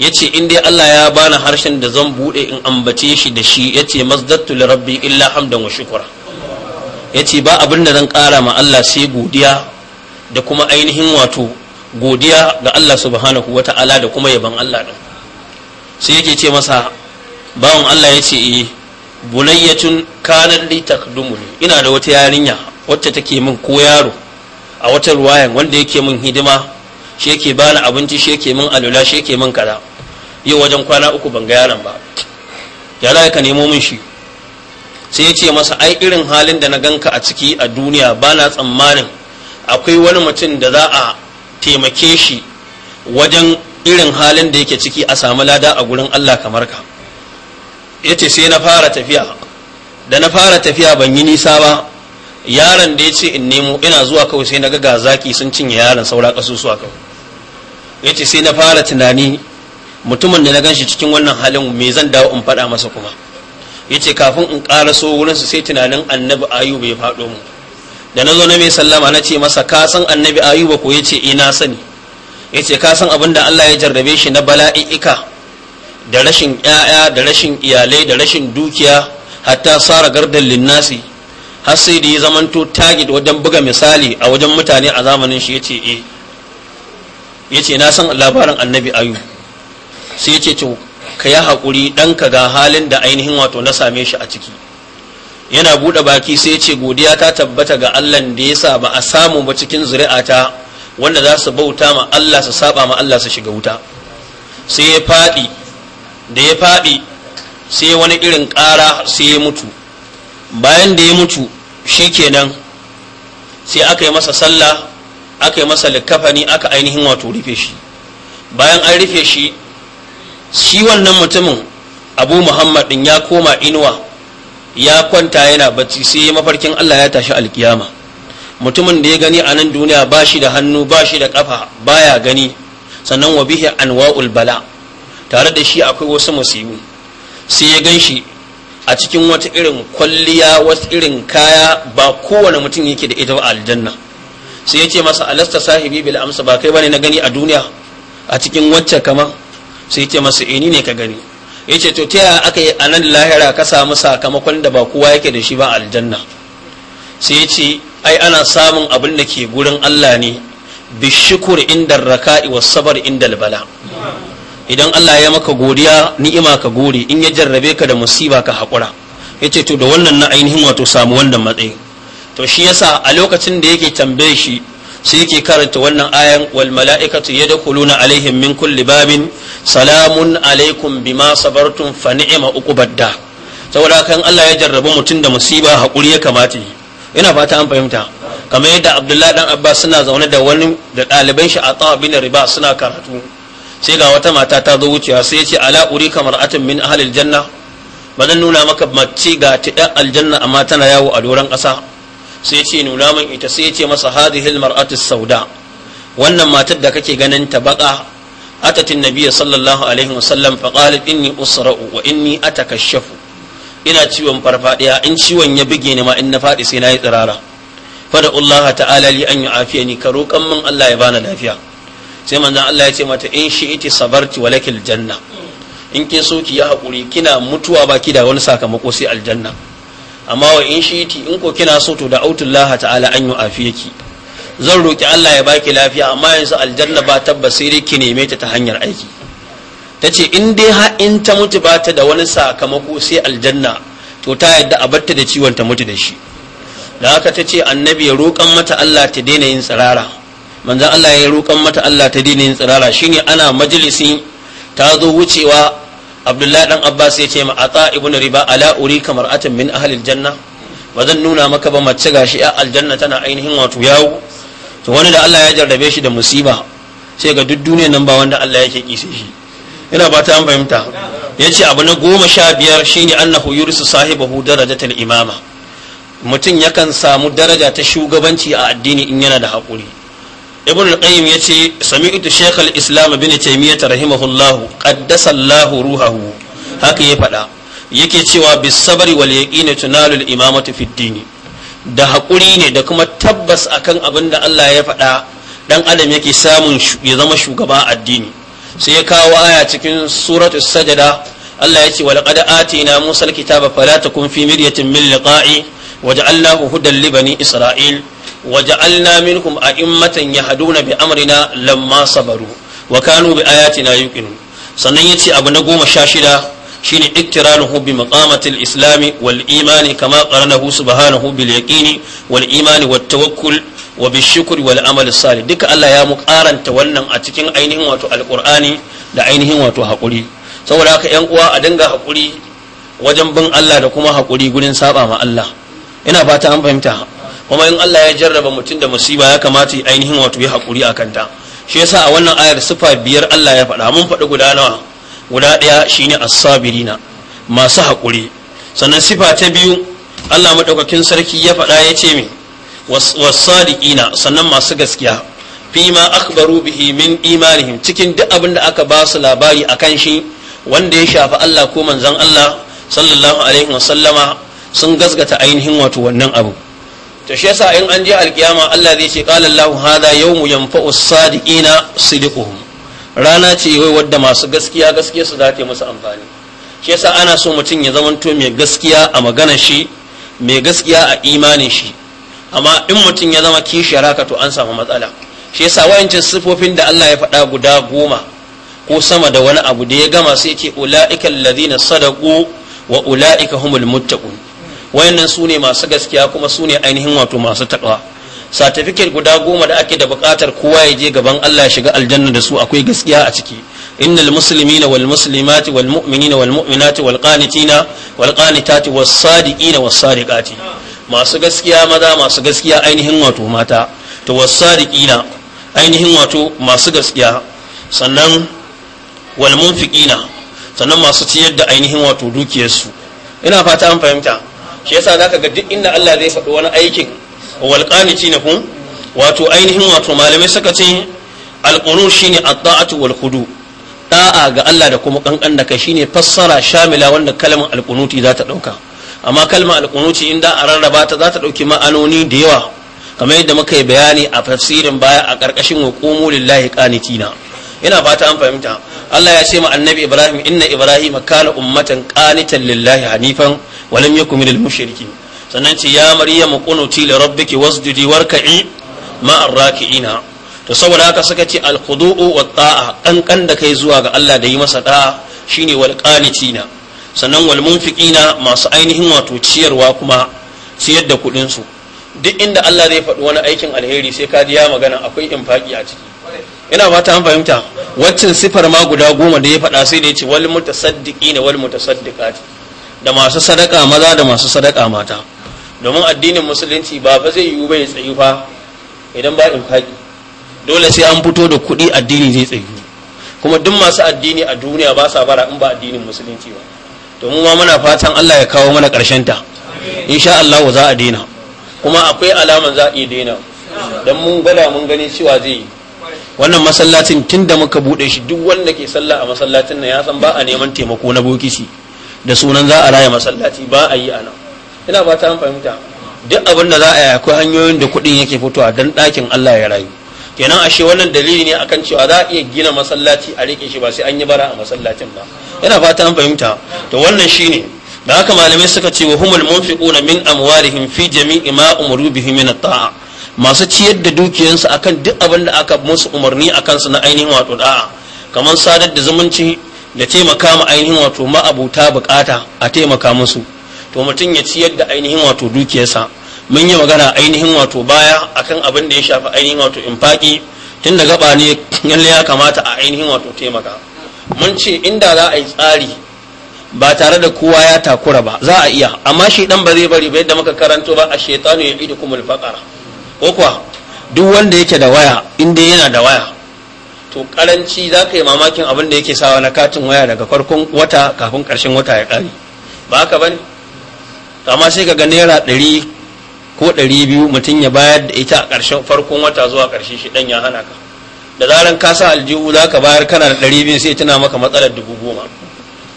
ya ce in dai Allah ya bani harshen da zan buɗe in ambace shi da shi ya ce mazdattu li rabbi illa hamdan wa shukura ya ce ba abin da zan ƙara ma Allah sai godiya da kuma ainihin wato godiya ga Allah subhanahu ta'ala da kuma yaban Allah din sai yake ce masa bawan Allah ya ce eh bunayyatun kanan li takdumuni ina da wata yarinya wacce take min ko yaro a wata ruwayan wanda yake min hidima shi yake bani abinci shi yake min alula shi yake min kaza yau wajen kwana uku ban ga yaron ba ya za ka nemo min shi sai ya ce masa ai irin halin da na ganka a ciki a duniya ba na tsammanin akwai wani mutum da za a taimake shi wajen irin halin da yake ciki a samu lada a gurin Allah kamar ka ya ce sai na fara tafiya da na fara tafiya ban yi nisa ba yaron da ya ce in nemo ina zuwa kawai sai na ga zaki sun cinye yaron saura kasusuwa kawai ya ce sai na fara tunani mutumin da na gan shi cikin wannan halin me zan dawo in faɗa masa kuma ya ce kafin in ƙaraso wurinsu sai tunanin annabi ayu bai faɗo mu da na zo na mai sallama na ce masa ka san annabi ayuba ko ya ce ina eh, sani yace ka san abin da Allah ya jarrabe shi na bala'i'ika da rashin ya'ya da rashin iyalai da rashin dukiya hatta tsara gardan linnasi har sai da ya zamanto target wajen buga misali a wajen mutane a zamanin shi e ya ce na san labarin annabi ayu sai ce to ka yi haƙuri ɗanka ga halin da ainihin wato na same shi a ciki yana buɗe baki sai ce godiya ta tabbata ga Allah da ya sa ba a samu ba cikin ta wanda za su bauta ma Allah su saba ma Allah su shiga wuta sai ya faɗi da ya faɗi sai wani irin ƙara sai ya mutu bayan da ya mutu shikenan sai aka yi masa sallah aka yi masa likafani aka ainihin wato rufe shi bayan an rufe shi shi wannan mutumin abu muhammad ya koma inuwa ya kwanta yana bacci sai mafarkin Allah ya tashi alkiyama mutumin da ya gani a nan duniya ba shi da hannu ba shi da kafa baya gani sannan wa bihi anwa'ul bala tare da shi akwai wasu musibu sai ya gan shi a cikin wata irin kwalliya wasu irin kaya ba kowane mutum yake da ita ba aljanna sai ya ce masa alasta sahibi bil amsa ba kai bane na gani a duniya a cikin wacce kama sai ya ce masa ini eh, ne ka gani ya to ta aka yi a nan lahira ka samu sakamakon da ba kowa yake da shi ba aljanna sai ya ce ai ana samun abin da ke gurin allah ne shukur inda raka'i wa sabar inda bala idan allah ya maka godiya ni'ima ka gode in ya jarrabe ka da musiba ka haƙura ya ce to da wannan na ainihin wato samu wannan matsayi to shi yasa a lokacin da yake tambaye shi shi yake karanta wannan ayan wal mala'ikatu yadkhuluna alaihim min kulli babin salamun alaikum bima sabartum fa ni'ma uqubadda saboda kan Allah ya jarrabu mutum da musiba hakuri ya kamata ina fata an fahimta kamar yadda Abdullahi dan Abbas suna zaune da wani da ɗaliban shi a bin riba suna karatu sai ga wata mata ta zo wucewa sai ya ce ala kamar mar'atin min ahlil janna ba zan nuna maka mace ga ta aljanna amma tana yawo a doron ƙasa sai ce nuna min ita sai ce masa hadhihi almar'atu sauda wannan matar da kake ganin ta baka atatin nabiyyi sallallahu alaihi wasallam fa qalat inni usra'u wa inni atakashafu ina ciwon farfadiya in ciwon ya bige ni ma in na fadi sai nayi tsirara fada Allah ta'ala li an yu'afiyani ka roƙan min Allah ya bani lafiya sai manzon Allah ya ce mata in shi'iti sabarti walakil janna in kin so ki yi haƙuri kina mutuwa ba ki da wani sakamako sai aljanna amma wa in shiti in ko kina so to da autullah ta'ala an yi afiyaki zan roki Allah ya baki lafiya amma yanzu aljanna ba tabbas sai ki neme ta ta hanyar aiki tace in dai ha in ta mutu ba ta da wani sakamako sai aljanna to ta yadda a batta da ciwon ta mutu da shi da haka ta ce annabi ya roƙan mata Allah ta daina yin tsirara manzan Allah ya roƙan mata Allah ta daina yin tsirara shine ana majalisin ta zo wucewa abdullahi dan abbas ya ce ma ata ibnu riba ala uri kamar atin min ahli janna ba zan nuna maka ba mace gashi a aljanna tana ainihin wato yawo to wani da Allah ya jarrabe shi da musiba sai ga duk duniyar nan ba wanda Allah yake kise shi ina ba ta fahimta ya ce abu na goma sha biyar shine annahu yurisu sahibahu darajatul imama mutum yakan samu daraja ta shugabanci a addini in yana da haƙuri ibn al-qayyim yace sami'tu shaykh al-islam ibn taymiyyah rahimahullah qaddasa Allah ruhahu haka ya faɗa yake cewa bis sabri wal yaqini tunalu imamatu fid da haƙuri ne da kuma tabbas akan abin da Allah ya faɗa dan adam yake samun ya zama shugaba addini sai ya kawo aya cikin suratu sajada Allah ya ce wa laqad atina Musa al-kitaba fala takun fi miryatin min liqa'i waja'alnahu hudan li bani Isra'il a وجعلنا منهم na يهدون بأمرنا لما صبروا وكانوا بآياتنا يوقنون sannan ya ce abu na goma sha shida shine iktiranuhu bi maqamatil islami wal imani kama qaranahu subhanahu bil yaqini wal imani wat tawakkul wa bi shukr wal amal duka Allah ya mu karanta wannan a cikin ainihin wato alqur'ani da ainihin wato hakuri saboda haka yan uwa a dinga hakuri wajen bin Allah da kuma hakuri gurin saba ma Allah ina fata an fahimta kuma in Allah ya jarraba mutum da musiba ya kamata yi ainihin wato ya haƙuri a kanta shi yasa a wannan ayar sifa biyar Allah ya faɗa mun faɗi guda nawa guda ɗaya shine as-sabirina masu haƙuri sannan sifa ta biyu Allah maɗaukakin sarki ya faɗa ya ce min was-sadiqina sannan masu gaskiya fima akhbaru bihi min imanihim cikin duk abin da aka ba su labari akan shi wanda ya shafi Allah ko manzon Allah sallallahu alaihi wasallama sun gasgata ainihin wato wannan abu to shi yasa in an je alkiyama Allah zai ce qala Allahu hadha yawmu yanfa'u sadiqina sidquhum rana ce wai wadda masu gaskiya gaskiya su zata musu amfani shi yasa ana so mutum ya to mai gaskiya a maganar shi mai gaskiya a imanin shi amma in mutum ya zama kishiyar haka to an samu matsala shi yasa wayancin sifofin da Allah ya faɗa guda goma ko sama da wani abu da ya gama sai ce ula'ika alladhina sadaqu wa ula'ika humul muttaqun wayannan su ne masu gaskiya kuma su ne ainihin wato masu taɓa satifiket guda goma da ake da buƙatar kowa ya je gaban Allah ya shiga aljanna da su akwai gaskiya a ciki innal muslimina wal muslimati wal mu'minina wal mu'minati wal qanitina wal qanitati was sadiqina was sadiqati masu gaskiya maza masu gaskiya ainihin wato mata to was sadiqina ainihin wato masu gaskiya sannan wal munfiqina sannan masu ciyar da ainihin wato dukiyarsu ina fata an fahimta shi yasa zaka ga duk inda Allah zai faɗi wani aikin wal na hum wato ainihin wato malamai suka ce al qunu shine at-ta'atu wal khudu da'a ga Allah da kuma kankan da kai shine fassara shamila wanda kalmar al-qunuti za ta dauka amma kalmar al-qunuti inda a rarraba ta za ta dauki ma'anoni da yawa kamar yadda muka yi bayani a tafsirin baya a karkashin wa qumu lillahi qanitina ina fata an fahimta Allah ya ce ma annabi Ibrahim inna Ibrahim kana ummatan qanitan lillahi hanifan wa lam yakun minal mushrikin sannan ce ya maryamu qunuti li rabbiki wasjudi warka'i ma arraki'ina to saboda haka suka ce al khudu'u wat ta'a kankan da kai zuwa ga Allah da yi masa da'a shine wal qanitina sannan wal munfiqina masu ainihin wato ciyarwa kuma ciyar da kudin su duk inda Allah zai faɗi wani aikin alheri sai ka ji ya magana akwai infaki a ciki ina ba ta an fahimta waccan sifar ma guda goma da ya faɗa sai da ya ce wal mutasaddiqi ne wal mutasaddiqat da masu sadaka maza da masu sadaka mata domin addinin musulunci ba ba zai yiwu bai tsayu fa idan ba infaki dole sai an fito da kuɗi addini zai tsayu kuma duk masu addini a duniya ba sa bara in ba addinin musulunci ba domin ma muna fatan Allah ya kawo mana ƙarshen ta insha Allah za a daina kuma akwai alaman za a iya daina dan mun gada mun gani cewa zai yi wannan masallacin tun da muka buɗe shi duk wanda ke sallah a masallacin nan ya san ba a neman taimako na bokisi da sunan za a raya masallaci ba a yi a nan ina ba ta fahimta duk abin da za a yi akwai hanyoyin da kuɗin yake fitowa don ɗakin Allah ya rayu kenan ashe wannan dalili ne akan cewa za a iya gina masallaci a rike shi ba sai an yi bara a masallacin ba ina ba an fahimta to wannan shine da haka malamai suka ce wa humul munfiquna min amwalihim fi jami'i ma umaru bihi min at-ta'a masu ciyar da dukiyansu akan duk abin da aka musu umarni a kansu na ainihin wato da'a kamar sadar da zumunci da taimaka ma ainihin wato ma'abuta bukata a taimaka musu to mutum ya ciyar da ainihin wato dukiyarsa mun yi magana ainihin wato baya akan abin da ya shafi ainihin wato infaki tun da gaba ne yalle ya kamata a ainihin wato taimaka mun ce inda za a yi tsari ba tare da kowa ya takura ba za a iya amma shi dan ba zai bari ba yadda muka karanto ba a shaitanu ya idu kumul faqara ko kuwa duk wanda yake da waya inda yana da waya to karanci za ka yi mamakin abin da yake sawa na katin waya daga farkon wata kafin karshen wata ya kare ba haka bane amma sai ka ga naira ɗari ko ɗari biyu mutum ya bayar da ita a ƙarshen farkon wata zuwa ƙarshe shi ɗan ya hana ka da zaran ka sa aljihu za ka bayar kana da ɗari biyu sai tuna maka matsalar dubu goma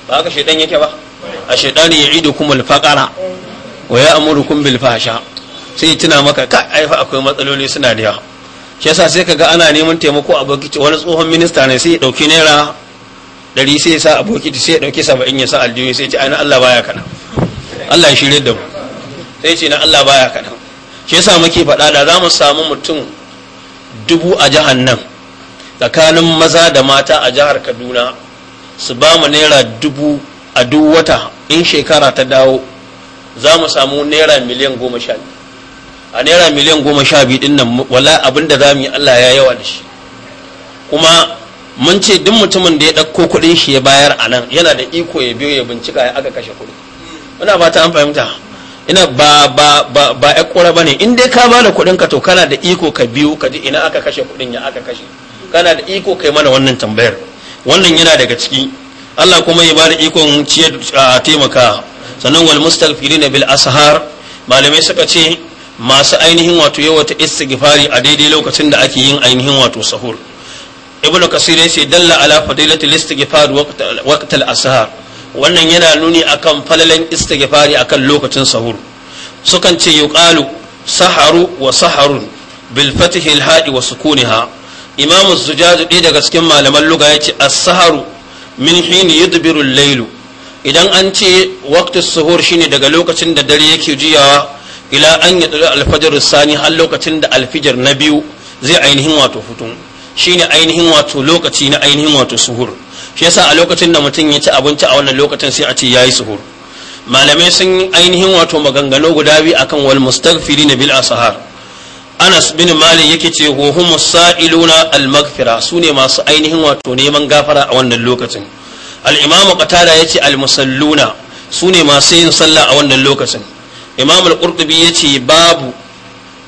ba haka ɗan yake ba a shi ɗan ya idu kuma alfaƙara wa ya amuru kun bilfasha sai yi tuna maka ka aifa akwai matsaloli suna da yawa shi yasa sai kaga ana neman taimako a bokiti wani tsohon minista ne sai ya dauki naira dari sai ya sa a bokiti sai ya dauki saba'in ya sa aljihu sai ya ce ainihin Allah baya kana Allah ya shirye da mu sai ya ce na Allah baya kana shi yasa muke faɗa da za mu samu mutum dubu a jihar nan tsakanin maza da mata a jihar Kaduna su ba mu naira dubu a duk wata in shekara ta dawo za mu samu naira miliyan goma sha biyu a naira miliyan goma sha biyu din nan wala abin da za mu yi Allah ya yawa da shi kuma mun ce duk mutumin da ya ɗauko kuɗin shi ya bayar a nan yana da iko ya biyo ya bincika ya aka kashe kuɗi muna fata an fahimta ina ba ba ba ba ya bane in dai ka bada kuɗin ka to kana da iko ka biyo ka ji ina aka kashe kuɗin ya aka kashe kana da iko kai mana wannan tambayar wannan yana daga ciki Allah kuma ya bada ikon ciyar taimaka sannan wal mustalfirina bil ashar malamai suka ce masu ainihin wato yawata istighfari a daidai lokacin da ake yin ainihin wato sahur ibn kasir yace dalla ala fadilatul istighfar waqt al ashar wannan yana nuni akan falalan istighfari akan lokacin sahur sukan ce yuqalu saharu wa saharun bil fathi al ha'i wa sukuniha imamu zujaj ɗaya daga cikin malaman luga yace as-saharu min hin yudbiru al-layl idan an ce waqtus suhur shine daga lokacin da dare yake juyawa ila an ya tsira alfajar sani har lokacin da alfijar na biyu zai ainihin wato fito shine ainihin wato lokaci na ainihin wato suhur shi yasa a lokacin da mutum ya ci abinci a wannan lokacin sai a ce yayi suhur malamai sun ainihin wato maganganu guda biyu akan wal na bil asahar anas bin malik yake ce wa hum sa'iluna al maghfira sune masu ainihin wato neman gafara a wannan lokacin al imamu qatada yace al musalluna sune masu yin sallah a wannan lokacin imamul al ya ce babu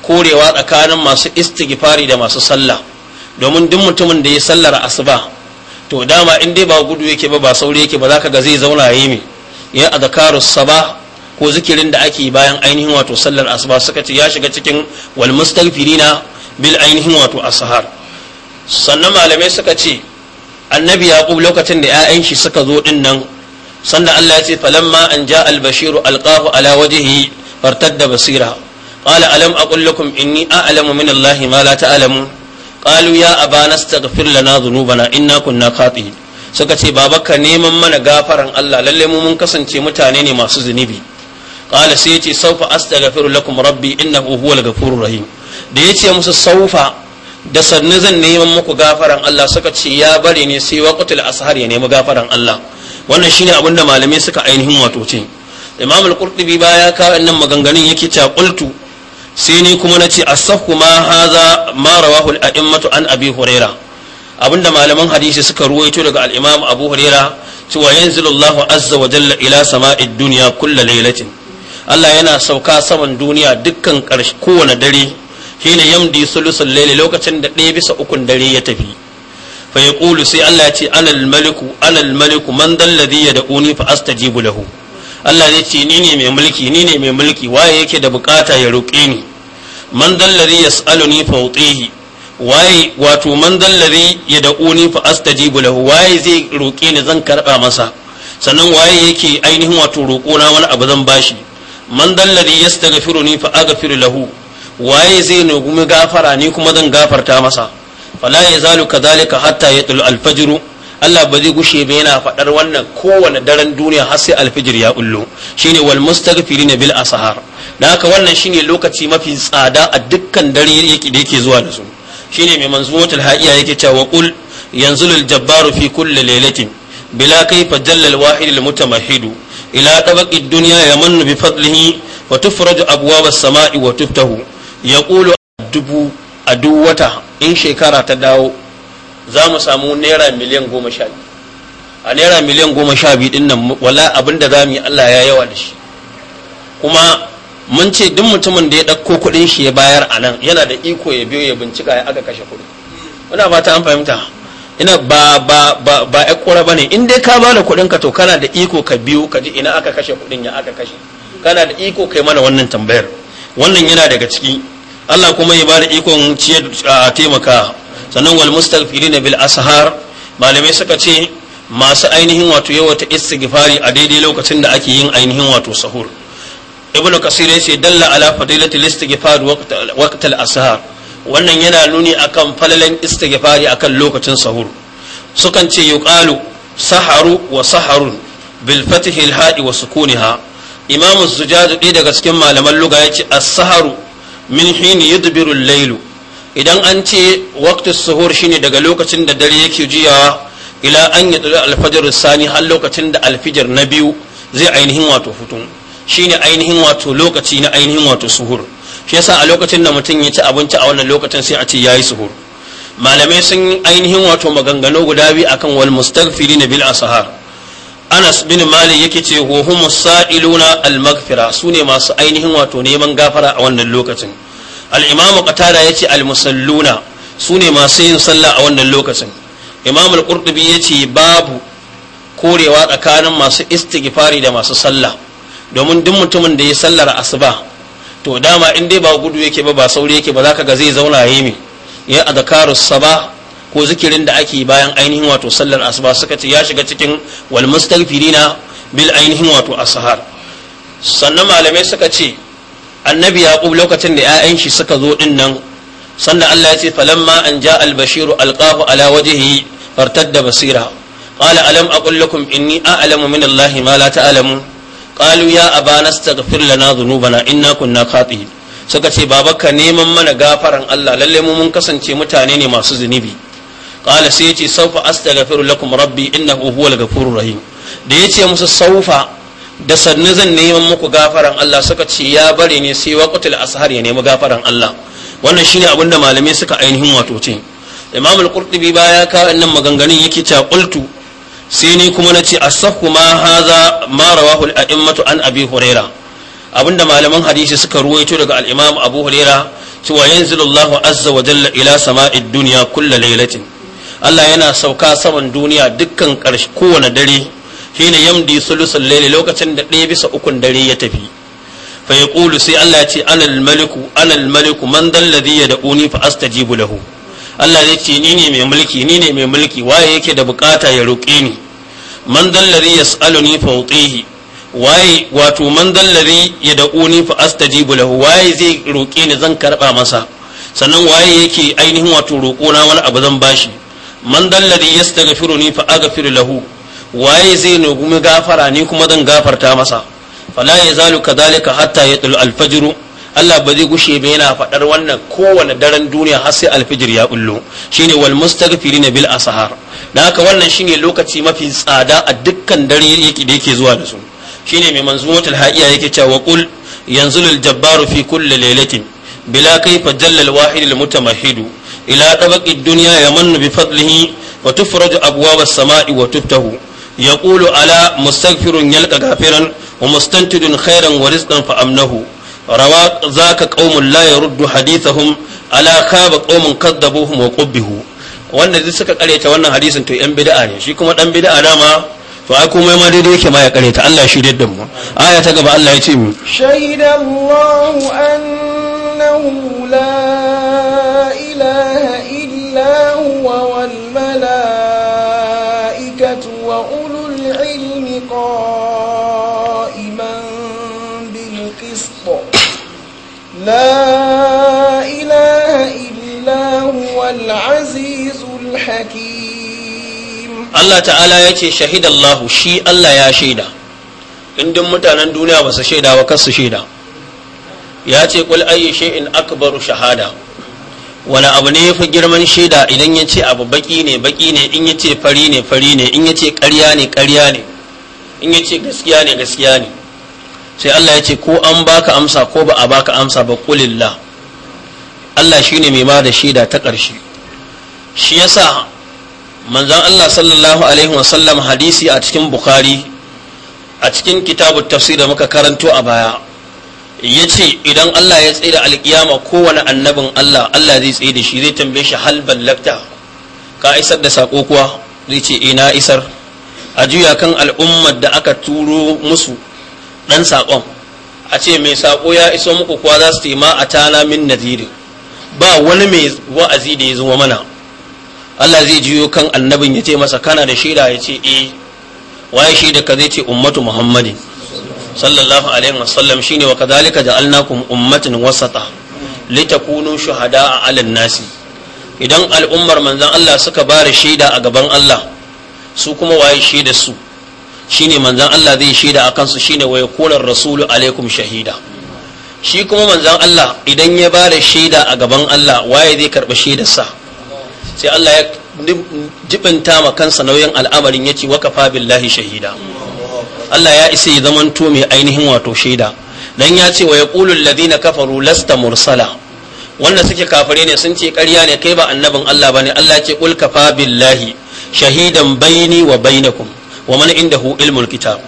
korewa tsakanin masu istighfari da masu sallah domin duk mutumin da ya sallar asuba to dama in dai ba gudu yake ba ba sauri yake ba za ka ga zai zauna yayi mi ya azkarus sabah ko zikirin da ake bayan ainihin wato sallar asuba suka ce ya shiga cikin wal mustaghfirina bil ainihin wato asahar sannan malamai suka ce annabi yaqub lokacin da 'ya'yan shi suka zo din nan sanda Allah ya ce falamma an ja al-bashiru alqahu ala wajhihi fartadda basira qala alam aqul lakum inni a'lamu min Allah ma la ta'lamun qalu ya abana astaghfir lana dhunubana inna kunna khati'in suka ce babaka neman mana gafaran Allah lalle mu mun kasance mutane ne masu zunubi qala sai yace saufa astaghfiru lakum rabbi innahu huwal ghafurur rahim da ya ce musu saufa da sannu zan neman muku gafaran Allah suka ce ya bari ne sai waqtul ashar ya nemi gafaran Allah wannan shine abin da malamai suka ainihin wato ce imam al-qurtubi baya ka wannan maganganun yake ta qultu sai ni kuma nace as-sahhu ma hadha ma rawahu al-a'immatu an abi huraira abinda malaman hadisi suka ruwaito daga al-imam abu huraira cewa yanzilu Allahu azza wa jalla ila sama'id dunya kullu laylatin Allah yana sauka saman duniya dukkan kowane dare shine yamdi sulusul layli lokacin da ɗaya bisa ukun dare ya tafi fa yaqulu sai Allah ya ce alal maliku alal maliku man ya ladhi yad'uni fa astajibu lahu Allah ya ce ni ne mai mulki ni ne mai mulki waye yake da bukata ya roƙe ni man ya ladhi ni fa utihi waye wato man ya ladhi yad'uni fa astajibu lahu waye zai roƙe ni zan karɓa masa sannan waye yake ainihin wato roƙo na wani abu zan bashi man dal ladhi ni fa aghfir lahu waye zai nugumi gafara ni kuma zan gafarta masa fala yazalu kadhalika hatta ya al-fajr Allah ba zai gushe ba yana faɗar wannan kowane daren duniya har sai alfijir ya ullo shine wal mustaghfirina bil ashar dan haka wannan shine lokaci mafi tsada a dukkan dare yake da yake zuwa da su shine mai manzumatul ha'iya yake cewa qul yanzulul jabbaru fi kulli lailatin bila kayfa jalla al-wahid al-mutamahhidu ila tabaqi dunya yamannu bi fadlihi wa tufraju abwab as-sama'i wa tuftahu yaqulu dubu a duk wata in shekara ta dawo za mu samu naira miliyan goma sha biyu a naira miliyan goma sha biyu din nan wala abin da za mu yi allah ya yawa da shi kuma mun ce duk mutumin da ya ɗauko kuɗin shi ya bayar a nan yana da iko ya biyo ya bincika ya aka kashe kuɗi muna fata an fahimta ina ba ba ba ba ya kura bane in dai ka bada kuɗin ka to kana da iko ka biyo ka ji ina aka kashe kuɗin ya aka kashe kana da iko kai mana wannan tambayar wannan yana daga ciki Allah kuma ya bada ikon ciyar a taimaka sannan wal mustaghfirin bil ashar malamai suka ce masu ainihin wato yawata istighfari a daidai lokacin da ake yin ainihin wato sahur ibn kasir yace dalla ala fadilatil istighfar waqt al ashar wannan yana nuni akan falalan istighfari akan lokacin sahur sukan ce yuqalu saharu wa saharun bil fathil ha'i wa sukuniha imamu zujaju ɗaya daga cikin malaman lugha yace as-saharu min hini yudbiru lailu idan an ce waqtu suhur shine daga lokacin da dare yake juyawa ila an yadda da alfajar sani har lokacin da alfijar na biyu zai ainihin wato fito shine ainihin wato lokaci na ainihin wato suhur shi yasa a lokacin da mutum ya ci abinci a wannan lokacin sai a ce yayi suhur malamai sun ainihin wato maganganu guda biyu akan wal mustaghfirina bil ashar anas bin malik yake ce huhumu sa'iluna al-maghfira sune masu ainihin wato neman gafara a wannan lokacin al-imam qatada yace al-musalluna sune masu yin sallah a wannan lokacin imam al-qurtubi yace babu korewa tsakanin masu istighfari da masu sallah domin duk mutumin da ya sallar asuba to dama in dai ba gudu yake ba ba sauri yake ba zaka ga zai zauna yayi mi ya adkarus sabah ko zikirin da ake bayan ainihin wato sallar asuba suka ce ya shiga cikin wal mustaghfirina bil ainihin wato asahar sannan malamai suka ce annabi yaqub lokacin da 'ya'yan shi suka zo din nan sannan Allah ya ce falamma an ja al bashiru alqahu ala wajhihi fartadda basira qala alam aqul lakum inni a'lamu min Allah ma la ta'lamun qalu ya abana astaghfir lana dhunubana inna kunna khati'in suka ce babakka neman mana gafaran Allah lalle mu mun kasance mutane ne masu zunubi qala sai yace saufa astaghfiru lakum rabbi innahu huwal ghafurur rahim da yace musu saufa da sannu zan neman muku gafaran Allah suka ce ya bare ne sai waqtul ashar ya nemi gafaran Allah wannan shine abin da malamai suka ainihin wato ce Imam al-Qurtubi baya ka wannan maganganun yake ta qultu sai ni kuma nace as-sahhu ma hadha ma rawahu al-a'immatu an abi huraira abinda malaman hadisi suka ruwaito daga al-Imam Abu Huraira cewa yanzilu Allahu azza wa jalla ila sama'id dunya kullu laylatin Allah yana sauka saman duniya dukkan ƙarshe kowane dare shine yamdi sulusul layli lokacin da ɗaya bisa ukun dare ya tafi fa yaqulu sai Allah ya ce anal maliku anal maliku man dal ladhi yad'uni fa astajibu lahu Allah ya ce ni ne mai mulki ni ne mai mulki waye yake da bukata ya roƙe ni man dal ladhi yas'aluni fa utihi waye wato man dallari ya da'uni fa astajibu lahu waye zai roƙe ni zan karɓa masa sannan waye yake ainihin wato roƙona wani abu zan bashi man dal ladhi yastaghfiruni fa aghfir lahu waye zai nugumi gafara ni kuma zan gafarta masa fala yazalu kadhalika hatta yatul al-fajr Allah ba zai gushe ba yana faɗar wannan kowane daren duniya har sai alfijir ya bullo shine wal mustaghfirin bil ashar dan haka wannan shine lokaci mafi tsada a dukkan dare yake da yake zuwa da su shine mai manzumatul ha'iya yake cewa qul yanzulul jabbaru fi kulli lailatin bila kayfa jalla al wahid al mutamahhidu ila tabaqi duniya ya bi fadlihi wa tufraju abwab as-sama'i wa tuftahu yaqulu ala mustaghfirun yalka ghafiran wa mustantidun khairan wa rizqan fa amnahu rawa zaka qaumun la yaruddu hadithahum ala khaba qaumun kadzabuhum wa qubbihu wanda duk suka karyata wannan hadisin to yan bid'a ne shi kuma dan bid'a dama to ai komai ma daidai yake ma ya karyata Allah ya shirye da mu aya ta gaba Allah ya ce mu shahida Allahu annahu la إلا هو والملائكة وأولو العلم قائما بالقسط لا إله إلا هو العزيز الحكيم الله تعالى يتي شهد الله شي الله يا شيدا إن دم متانا دنيا وسشيدا وكس شيدا يا تي قل أي شيء أكبر شهادة wani abu ne fi girman shaida idan ya ce abu baki ne baki ne in ya ce fari ne fari ne in ya ce ƙarya ne ƙarya ne in ya ce gaskiya ne gaskiya ne sai Allah ya ce ko an baka amsa ko ba a baka amsa ba kulillah Allah shi ne mai ma da shaida ta ƙarshe shi ya sa manzan Allah sallallahu alaihi wasallam hadisi a cikin bukhari a cikin kitabu tafsir da muka karanto a baya ya ce idan Allah ya tsaye da alkiyama kowane annabin Allah Allah zai tsaye da shi zai tambaye shi hal ballabta ka isar da sako kuwa zai ce ina eh, isar a juya kan al'ummar da aka turo musu dan sakon a ce mai sako ya iso muku kuwa za su tema a tana min nadiri ba wani mai wa'azi da ya zuwa mana Allah zai juyo kan annabin ya ce masa kana da shaida ya ce eh waye shaida ka zai ce ummatu muhammadin sallallahu alaihi wasallam shine wa kadhalika ja'alnakum ummatan wasata litakunu shuhada'a 'alan nasi idan al'ummar manzon Allah suka bare shaida a gaban Allah su kuma waye shaida su shine manzon Allah zai shaida akan su shine waye kurar rasulu alaikum shahida shi kuma manzon Allah idan ya bare shaida a gaban Allah waye zai karba sa? sai Allah ya jibinta ma kansa nauyin al'amarin yace wakafa billahi shahida Allah ya isa ya zamanto mai ainihin wato shaida dan ya ce wa yaqulu alladhina kafaru lasta mursala wanda suke kafare ne sun ce ƙarya ne kai ba annabin Allah bane Allah ce qul kafa billahi shahidan baini wa bainakum wa man indahu ilmul kitab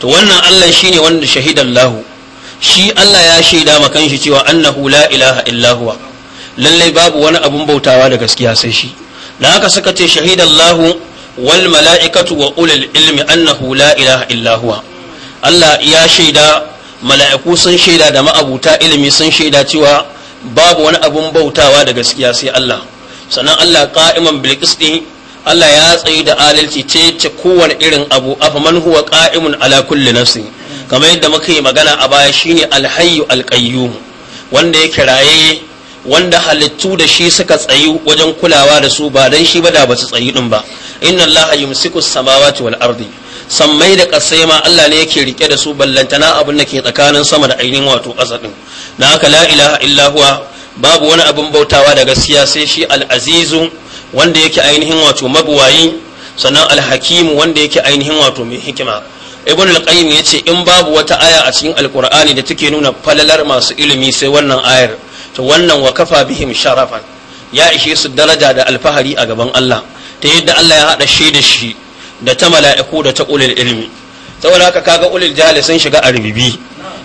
to wannan Allah shine wanda shahidan lahu shi Allah ya shaida ma kanshi cewa annahu la ilaha illa huwa lallai babu wani abun bautawa da gaskiya sai shi da haka suka ce shahidan lahu wal mala'ikatu wa ulul ilmi annahu la ilaha illa Allah ya shaida mala'iku sun shaida da ma'abuta ilimi sun shaida cewa babu wani abun bautawa da gaskiya sai Allah sannan Allah qa'iman bil qisti Allah ya tsayi da adalci ce ce kowane irin abu afa man huwa qa'imun ala kulli nafsi kamar yadda muka yi magana a baya shine alhayyu alkayyu. wanda ya kiraye wanda halittu da shi suka tsayu wajen kulawa da su ba dan shi ba da basu tsayi din ba inna allaha yumsiku samawati wal ardi sammai da kasai ma Allah ne yake rike da su ballantana abin da ke tsakanin sama da ainihin wato kasa din na haka la ilaha illa huwa babu wani abin bautawa da gaskiya sai shi al-azizu wanda yake ainihin wato mabuwayi sannan al-hakimu wanda yake ainihin wato mai hikima ibn al-qayyim yace in babu wata aya a cikin alqur'ani da take nuna falalar masu ilimi sai wannan ayar to wannan wa kafa bihim sharafan ya ishe su daraja da alfahari a gaban Allah ta yadda Allah ya haɗa shi da shi da ta mala'iku da ta ulil ilmi saboda haka kaga ulil jahili sun shiga a ribibi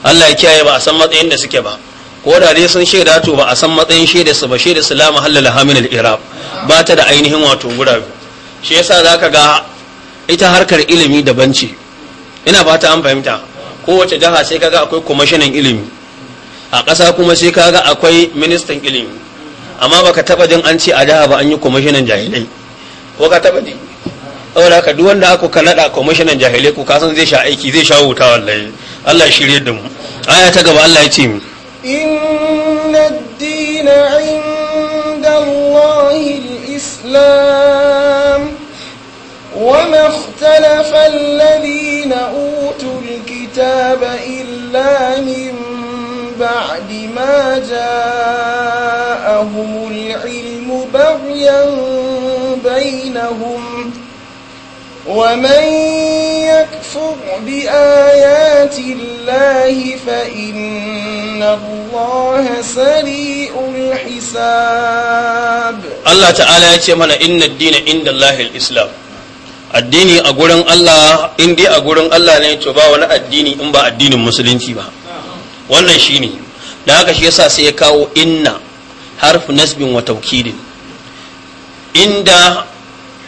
Allah ya kiyaye ba a san matsayin da suke ba ko da dai sun shaida to ba a san matsayin shaida su ba shaida la mahallal hamil al-irab ba ta da ainihin wato gurabe shi yasa zaka ga ita harkar ilimi daban ce ina ba ta an fahimta kowace jaha sai kaga akwai kwamishinan ilimi a ƙasa kuma sai kaga akwai ministan ilimi amma baka taba jin an ce a jiha ba an yi kwamishinan jahilai ko ka taba ji saboda haka duk wanda aka ka nada kwamishinan jahilai ko kasan zai sha aiki zai sha wuta wallahi Allah ya shirye da mu aya ta gaba Allah ya ce mu inna ad din 'inda Allahi al-islam وما اختلف الذين أوتوا الكتاب إلا من بعد ما جاءهم العلم بغيا بينهم ومن يكفر بآيات الله فإن الله سريع الحساب الله تعالى يتمنى إن الدين عند الله الإسلام addini a gurin Allah in dai a gurin Allah ne to ba wani addini in ba addinin musulunci ba wannan shine da haka shi yasa sai ya kawo inna harfu nasbin wa taukidin inda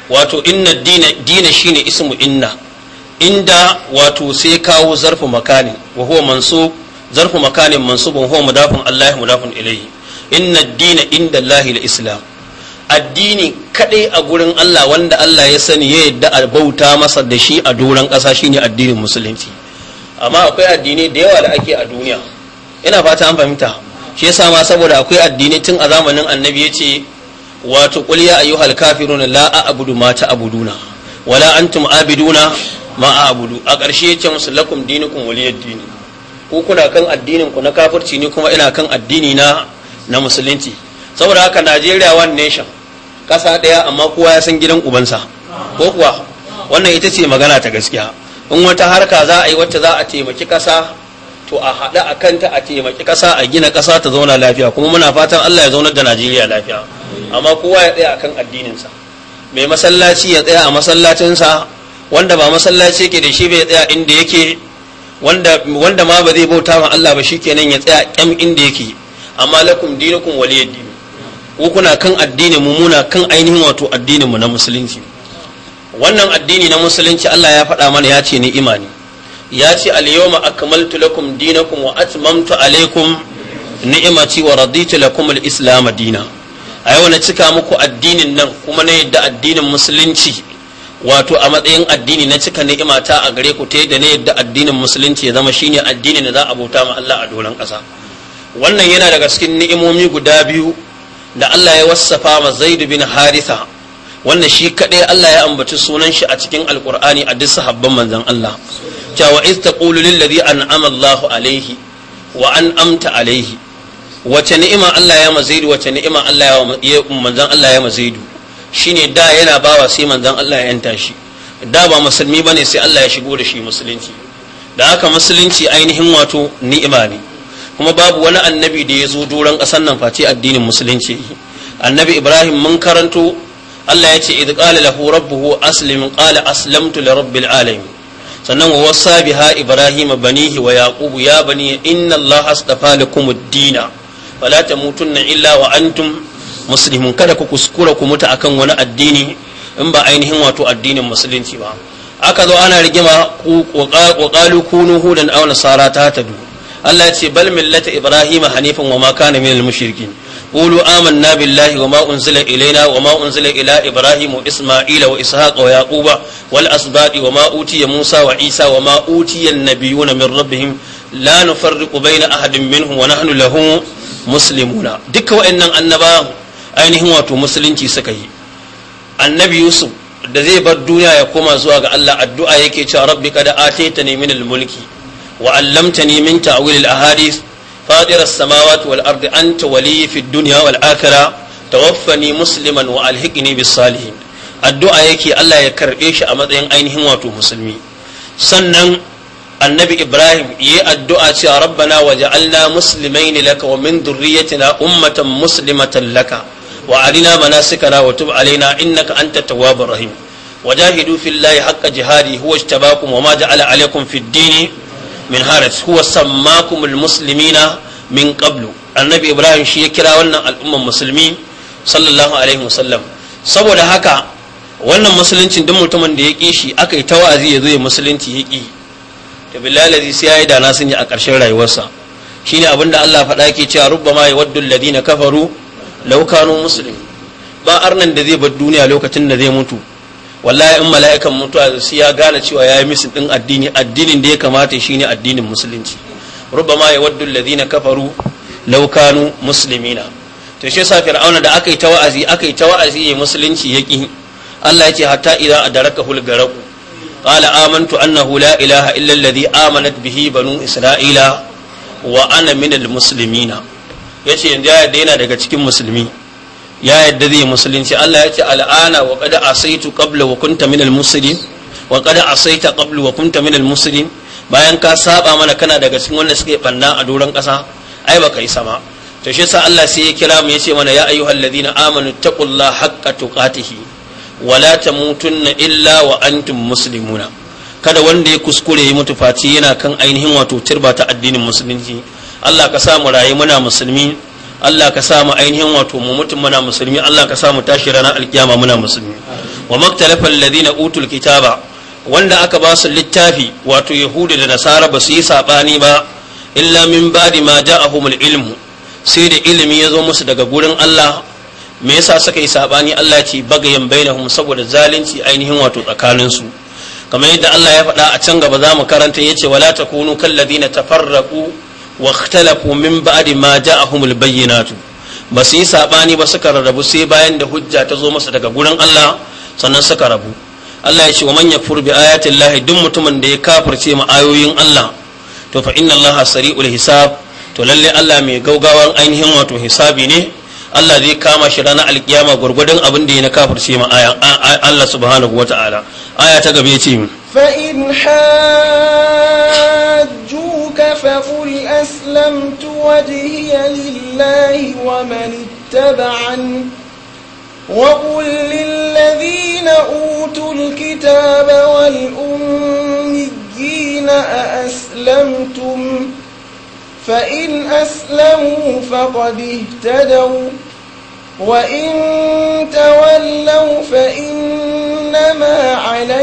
wato inna dina dina shine ismu inna inda wato sai kawo zarfu makani wa huwa mansub zarfu makanin mansubun huwa mudafun Allah mudafun ilayhi inna dina inda Allah islam addini kadai a gurin Allah wanda Allah ya sani ya yadda a bauta masa da shi a doron shi shine addinin musulunci amma akwai addini da yawa da ake a duniya ina fata an fahimta shi yasa ma saboda akwai addini tun a zamanin annabi yace wato qul ya ayyuhal kafirun la a'budu ma ta'buduna wala antum abiduna ma a'budu a ƙarshe yace musu lakum dinukum waliyad ku kuna kan addinin ku na kafirci ne kuma ina kan addini na na musulunci saboda haka Najeriya one nation kasa daya amma kowa ya san gidan ubansa ko kuwa wannan ita ce magana ta gaskiya in wata harka za a yi wacce za a taimaki ƙasa to a haɗa a kanta a taimaki ƙasa a gina ƙasa ta zauna lafiya kuma muna fatan Allah ya zaunar da Najeriya lafiya amma kowa ya tsaya akan addininsa mai masallaci ya tsaya a masallacinsa wanda ba masallaci yake da shi bai tsaya inda yake wanda wanda ma ba zai bauta ma Allah ba shikenan ya tsaya kyam inda yake amma lakum dinukum waliyad din ku kuna kan addinin mu muna kan ainihin wato addinin mu na musulunci wannan addini na musulunci Allah ya faɗa mana ya ce ni imani ya ce al-yawma akmaltu lakum dinakum wa atmamtu alaykum ni'mati wa raditu lakum al-islam dina a yau na cika muku addinin nan kuma na yadda addinin musulunci wato a matsayin addini na cika ni'imata a gare ku ta yadda na yadda addinin musulunci ya zama shine addini da za a bauta ma Allah a doron kasa wannan yana daga cikin ni'imomi guda biyu da Allah ya wassafa ma Zaid bin Haritha wanda shi kadai Allah ya ambaci sunan shi a cikin alkur'ani a duk sahabban manzon Allah cewa iz taqulu lil ladhi an'ama Allahu Alayhi wa an'amta Alayhi wace ni'ima Allah ya mazaidu wace ni'ima Allah ya manzon Allah ya mazaidu shine da yana bawa sai manzon Allah ya yanta shi da ba musulmi bane sai Allah ya shigo da shi musulunci da haka musulunci ainihin wato ni'ima ne kuma babu wani annabi da ya zo doron ƙasar nan face addinin musulunci annabi ibrahim mun karanto Allah ya ce idh qala lahu rabbuhu aslim qala aslamtu li rabbil alamin sannan wa wasa biha ibrahim banihi wa yaqub ya bani inna Allah astafa lakum ad-din fala tamutunna illa wa antum muslimun kada ku kuskura ku mutu akan wani addini in ba ainihin wato addinin musulunci ba aka zo ana rigima wa qalu kunu hudan aw nasara ta tadu Allah ya ce bal millata ibrahim hanifan wa ma kana minal mushrikin قولوا آمنا بالله وما أنزل إلينا وما أنزل إلى إبراهيم وإسماعيل وإسحاق ويعقوب والأسباط وما أوتي موسى وعيسى وما أوتي النبيون من ربهم لا نفرق بين أحد منهم ونحن له مسلمون دك وإن النبا ainihin wato musulunci suka yi annabi yusuf da zai bar duniya ya koma zuwa ga allah addu'a yake cewa rabbi kada ateta ne min mulki wa allamtani min ta'wil al ahadith فاطر السماوات والأرض أنت ولي في الدنيا والآخرة توفني مسلما وألحقني بالصالحين addu'a yake Allah ya karɓe shi a matsayin ainihin wato musulmi sannan annabi ibrahim yi addu'a cewa rabbana waja'alna muslimain laka wa min dhurriyyatina ummatan muslimatan laka wa arina manasikana wa tub alaina innaka anta tawwabur rahim wajahidu fillahi haqqa jihadi huwa ijtabakum wa ma ja'ala alaykum fid dini min haraj huwa sammakumul muslimina min qablu annabi ibrahim shi ya kira wannan al'umman musulmi sallallahu alaihi wasallam saboda haka wannan musuluncin duk mutumin da ya ki shi aka yi ta ya zo ya musulunci ya ki da billahi sai ya yi da na sun yi a ƙarshen rayuwarsa shine abinda Allah faɗa yake cewa rubbama yawaddu ladina kafaru law kanu muslimin ba arnan da zai bar duniya lokacin da zai mutu wallahi in mala'ikan mutuwa su ya gane cewa ya yi misin ɗin addini addinin da ya kamata shi ne addinin musulunci rubama ya waddu alladhina kafaru laukanu kanu muslimina to shi yasa fir'auna da aka yi ta aka yi ta wa'azi ya musulunci yaki Allah ya ce hatta idza adaraka hul garaku qala amantu annahu la ilaha illa alladhi amanat bihi banu isra'ila wa ana minal muslimina yace yanzu ya daina daga cikin musulmi ya yadda zai musulunci Allah ya ce al'ana wa qad asaitu qabla wa kunta min al-muslimin wa qad asaita qabla wa kunta min al-muslimin bayan ka saba mana kana daga cikin wanda suke banna a doron kasa ai baka yi sama to shi yasa Allah sai ya kira mu yace mana ya ayyuhal amanu taqullaha haqqa tuqatihi wa la tamutunna illa wa antum muslimuna kada wanda ya kuskure ya mutu faci yana kan ainihin wato turba ta addinin musulunci Allah ka sa mu rayu muna musulmi Allah ka sa mu ainihin wato mu mutum muna musulmi Allah ka sa mu tashi ranar alkiyama muna musulmi wa maktalafa alladhina utul kitaba wanda aka ba su littafi wato yahudu da nasara ba su yi sabani ba illa min ba'di ma ja'ahumul ilmu sai da ilimi ya zo musu daga gurin Allah me yasa suka yi sabani Allah ce bagayen bainahum saboda zalunci ainihin wato tsakanin su kamar yadda Allah ya faɗa a can gaba za mu karanta yace wala takunu kalladhina tafarraqu wa ikhtalafu min ba'di ma ja'ahumul bayyinatu ba su yi saɓani ba suka rarrabu sai bayan da hujja ta zo masa daga gurin Allah sannan suka rabu Allah ya shiga manya man yakfur bi ayati duk mutumin da ya kafirce ma ayoyin Allah to fa inna Allah sari'ul hisab to lalle Allah mai gaugawan ainihin wato hisabi ne Allah zai kama shi ranar alkiyama gwargwadon abin da ya na kafirce ma aya Allah subhanahu wata'ala aya ta ya ce min in hajju ربك فقل أسلمت وجهي لله ومن اتبعن وقل للذين أوتوا الكتاب والأميين أأسلمتم فإن أسلموا فقد اهتدوا وإن تولوا فإنما على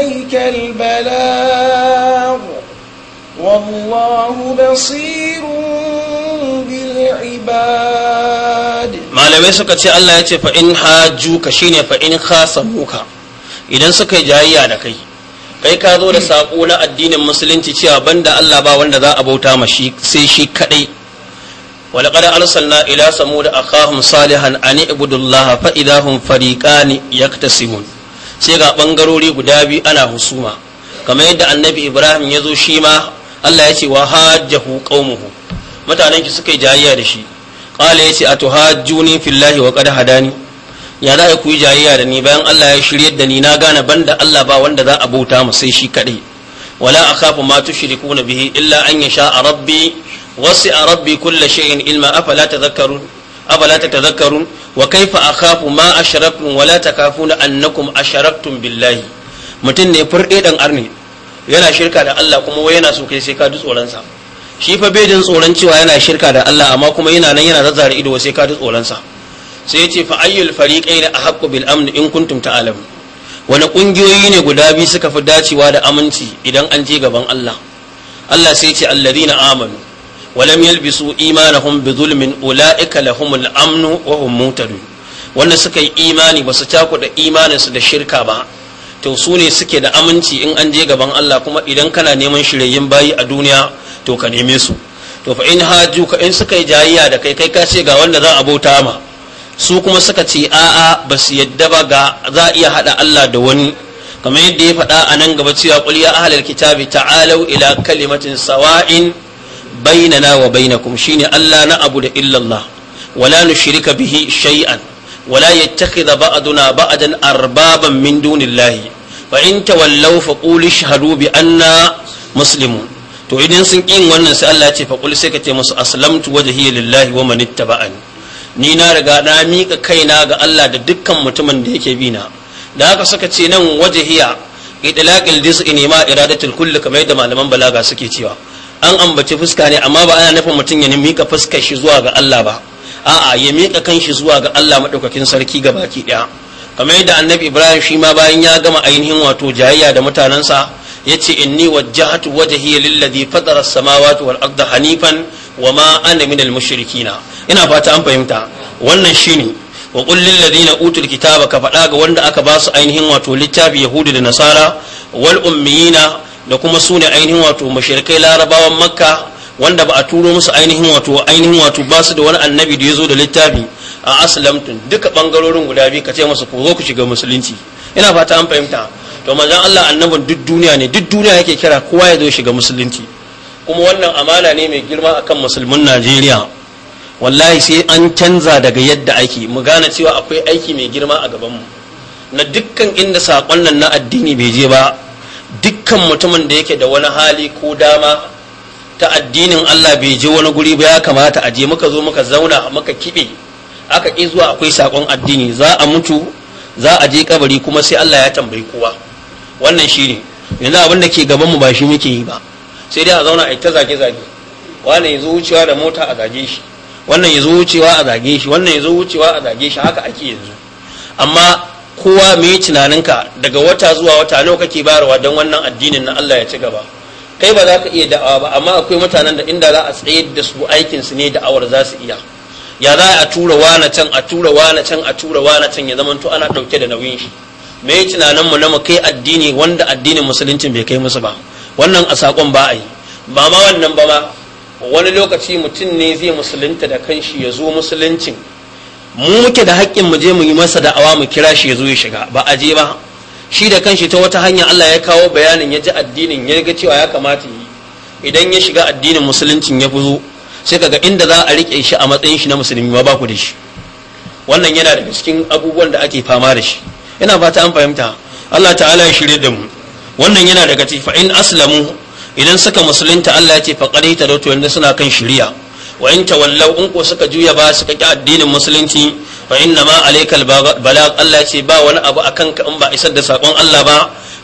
malamai suka ce Allah ya ce fa’in hajjuka shi ne fa’in hasa idan suka yi jayayya da kai kai ka zo da saƙo na addinin musulunci cewa banda Allah ba wanda za a bauta ma shi sai shi kaɗai walaƙar arsalna ila samu da akahun salihan a ni ibudullaha fa’idahun fariƙa ne ya sai ga ɓangarori guda biyu ana husuma kamar yadda annabi ibrahim ya zo shi ma Allah ya ce wa hajjahu qaumuhu mutanen ki suka yi jayayya da shi qala ya ce atuhajjuni fillahi wa qad hadani ya za ku yi jayayya da ni bayan Allah ya shirye da ni na gane banda Allah ba wanda za a bauta mu sai shi kadai wala akhafu ma tushrikuna bihi illa an yasha rabbi wasi'a rabbi kulli shay'in ilma afala tadhakkarun أفلا تتذكرون وكيف أخاف ما أشركتم ولا تخافون أنكم أشركتم بالله متن فرقه أرني yana shirka da Allah kuma wai yana so kai sai ka ji tsoronsa. shi fa bai jin tsoron cewa yana shirka da Allah amma kuma yana nan yana zazzare ido sai ka ji tsoronsa. sa sai yace fa ayyul fariqain ahqqu bil amn in kuntum ta'lamun wani kungiyoyi ne guda biyu suka fi dacewa da aminci idan an je gaban Allah Allah sai ce alladhina amanu ولم يلبسوا zulmin بظلم أولئك لهم الأمن وهم مهتدون wanda suka yi imani ba su cakuɗa imaninsu da shirka ba to su ne suke da aminci in an je gaban Allah kuma idan kana neman shirayyen bayi a duniya to ka neme su to fa in haju ka in suka yi jayayya da kai kai ka ce ga wanda za a bauta ma su kuma suka ce a'a ba su yadda ba ga za a iya hada Allah da wani kamar yadda ya faɗa a nan gaba cewa qul ya ahlal kitabi ta'alu ila kalimatin sawa'in bainana wa bainakum shine Allah na abu da illallah wala nushrika bihi shay'an ولا يتخذ بعضنا بعضا اربابا من دون الله fa in tawallaw fa shahadu bi anna muslimu to idan sun kin wannan sai Allah ya ce fa sai ka ce musu aslamtu wajhi lillahi wa man ittaba'ani ni na riga na mika kaina ga Allah da dukkan mutumin da yake bina da haka suka ce nan wajhiya idlaqil jiz'i ne ma iradatul kull kamar yadda malaman balaga suke cewa an ambaci fuska ne amma ba ana nufin mutum ya mika fuskar shi zuwa ga Allah ba a'a ya mika kanshi zuwa ga Allah madaukakin sarki gabaki daya kamar yadda annabi ibrahim shi ma bayan ya gama ainihin wato jayayya da mutanensa ya ce inni wajjahatu wajhi lilladhi fatara as-samawati wal arda hanifan wa ma ana min al-mushrikina ina fata an fahimta wannan shine wa qul lil ladina utul kitaba ka faɗa ga wanda aka ba su ainihin wato littafi yahudu da nasara wal ummiyina da kuma su ne ainihin wato mashirkai larabawan makka wanda ba a turo musu ainihin wato ainihin wato ba su da wani annabi da ya zo da littafi a aslamtun duka bangarorin guda biyu ka ce masu ku zo ku shiga musulunci ina fata an fahimta to manzon Allah annabin duk duniya ne duk duniya yake kira kowa ya zo shiga musulunci kuma wannan amana ne mai girma akan musulmin Najeriya wallahi sai an canza daga yadda ake mu gane cewa akwai aiki mai girma a gaban mu na dukkan inda sakon nan na addini bai je ba dukkan mutumin da yake da wani hali ko dama ta addinin Allah bai je wani guri ba ya kamata a je muka zo muka zauna muka kibe aka ƙi zuwa akwai saƙon addini za a mutu za a je kabari kuma sai Allah ya tambayi kowa wannan shi ne yanzu abin da ke gaban mu ba shi muke yi ba sai dai a zauna a ta zage zage wannan ya zo wucewa da mota a zage shi wannan ya zo wucewa a zage shi wannan ya wucewa a zage shi haka ake yanzu amma kowa mai tunaninka daga wata zuwa wata nawa kake bayarwa don wannan addinin na Allah ya ci gaba kai ba za ka iya da'awa ba amma akwai mutanen da inda za a tsayar da su aikin su ne da'awar za su iya ya za a tura wane can a tura wane can a tura wane can ya to ana ɗauke da nauyin shi me ya mu na mu kai addini wanda addinin musulunci bai kai musu ba wannan a sakon ba a yi ba ma wannan ba ma wani lokaci mutum ne zai musulunta da kanshi ya zo musuluncin mu muke da haƙƙin mu je mu yi masa da'awa mu kira shi ya zo ya shiga ba a je ba shi da kanshi ta wata hanya Allah ya kawo bayanin ya ji addinin ya ga cewa ya kamata yi idan ya shiga addinin musuluncin ya fi zo sai kaga inda za a rike shi a matsayin shi na musulmi ma baku da shi wannan yana daga cikin abubuwan da ake fama da shi ina fata an fahimta Allah ta'ala ya shirye da mu wannan yana daga cikin fa in aslamu idan suka musulunta Allah ya ce fa qadaita da to yanda suna kan shari'a wa in tawallaw in ko suka juya ba suka ki addinin musulunci fa inna ma alaykal bala Allah ya ce ba wani abu akan ka in ba isar da sakon Allah ba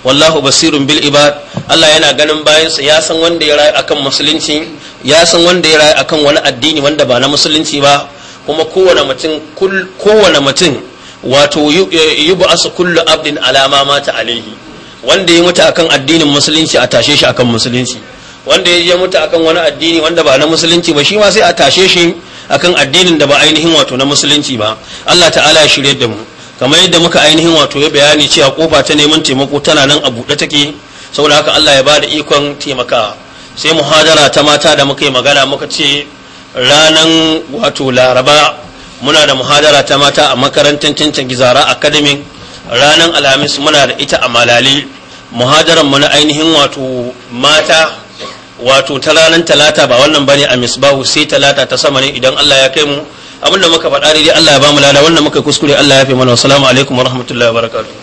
wallahu basirun bil ibad Allah yana ganin bayan sa ya san wanda ya rayu akan musulunci ya san wanda ya rayu akan wani addini wanda ba na musulunci ba kuma kowane mutum kowane mutum wato e, yubu asu kullu abdin alama mata alaihi wanda ya mutu akan addinin musulunci a tashe shi akan musulunci wanda ya je mutu akan wani addini wanda ba na musulunci ba shi ma sai a tashe shi akan addinin da ba ainihin wato na musulunci ba Allah ta'ala ya shirye da mu kamar yadda muka ainihin wato ya bayani cewa kofa ta neman taimako tana nan a buɗe take saboda haka Allah ya ba da ikon taimakawa sai muhadara ta mata da muka yi magana muka ce ranar wato laraba muna da muhadara ta mata a makarantar tantan gizara academy ranar alhamis muna da ita a malali muhadaran mu na ainihin wato mata wato ta ranar talata ba wannan bane a misbahu sai talata ta sama ne idan Allah ya kai mu abinda muka faɗa dai Allah ya bamu lada wannan muka kuskure Allah ya fi mana assalamu alaikum wa rahmatullahi wa barakatuh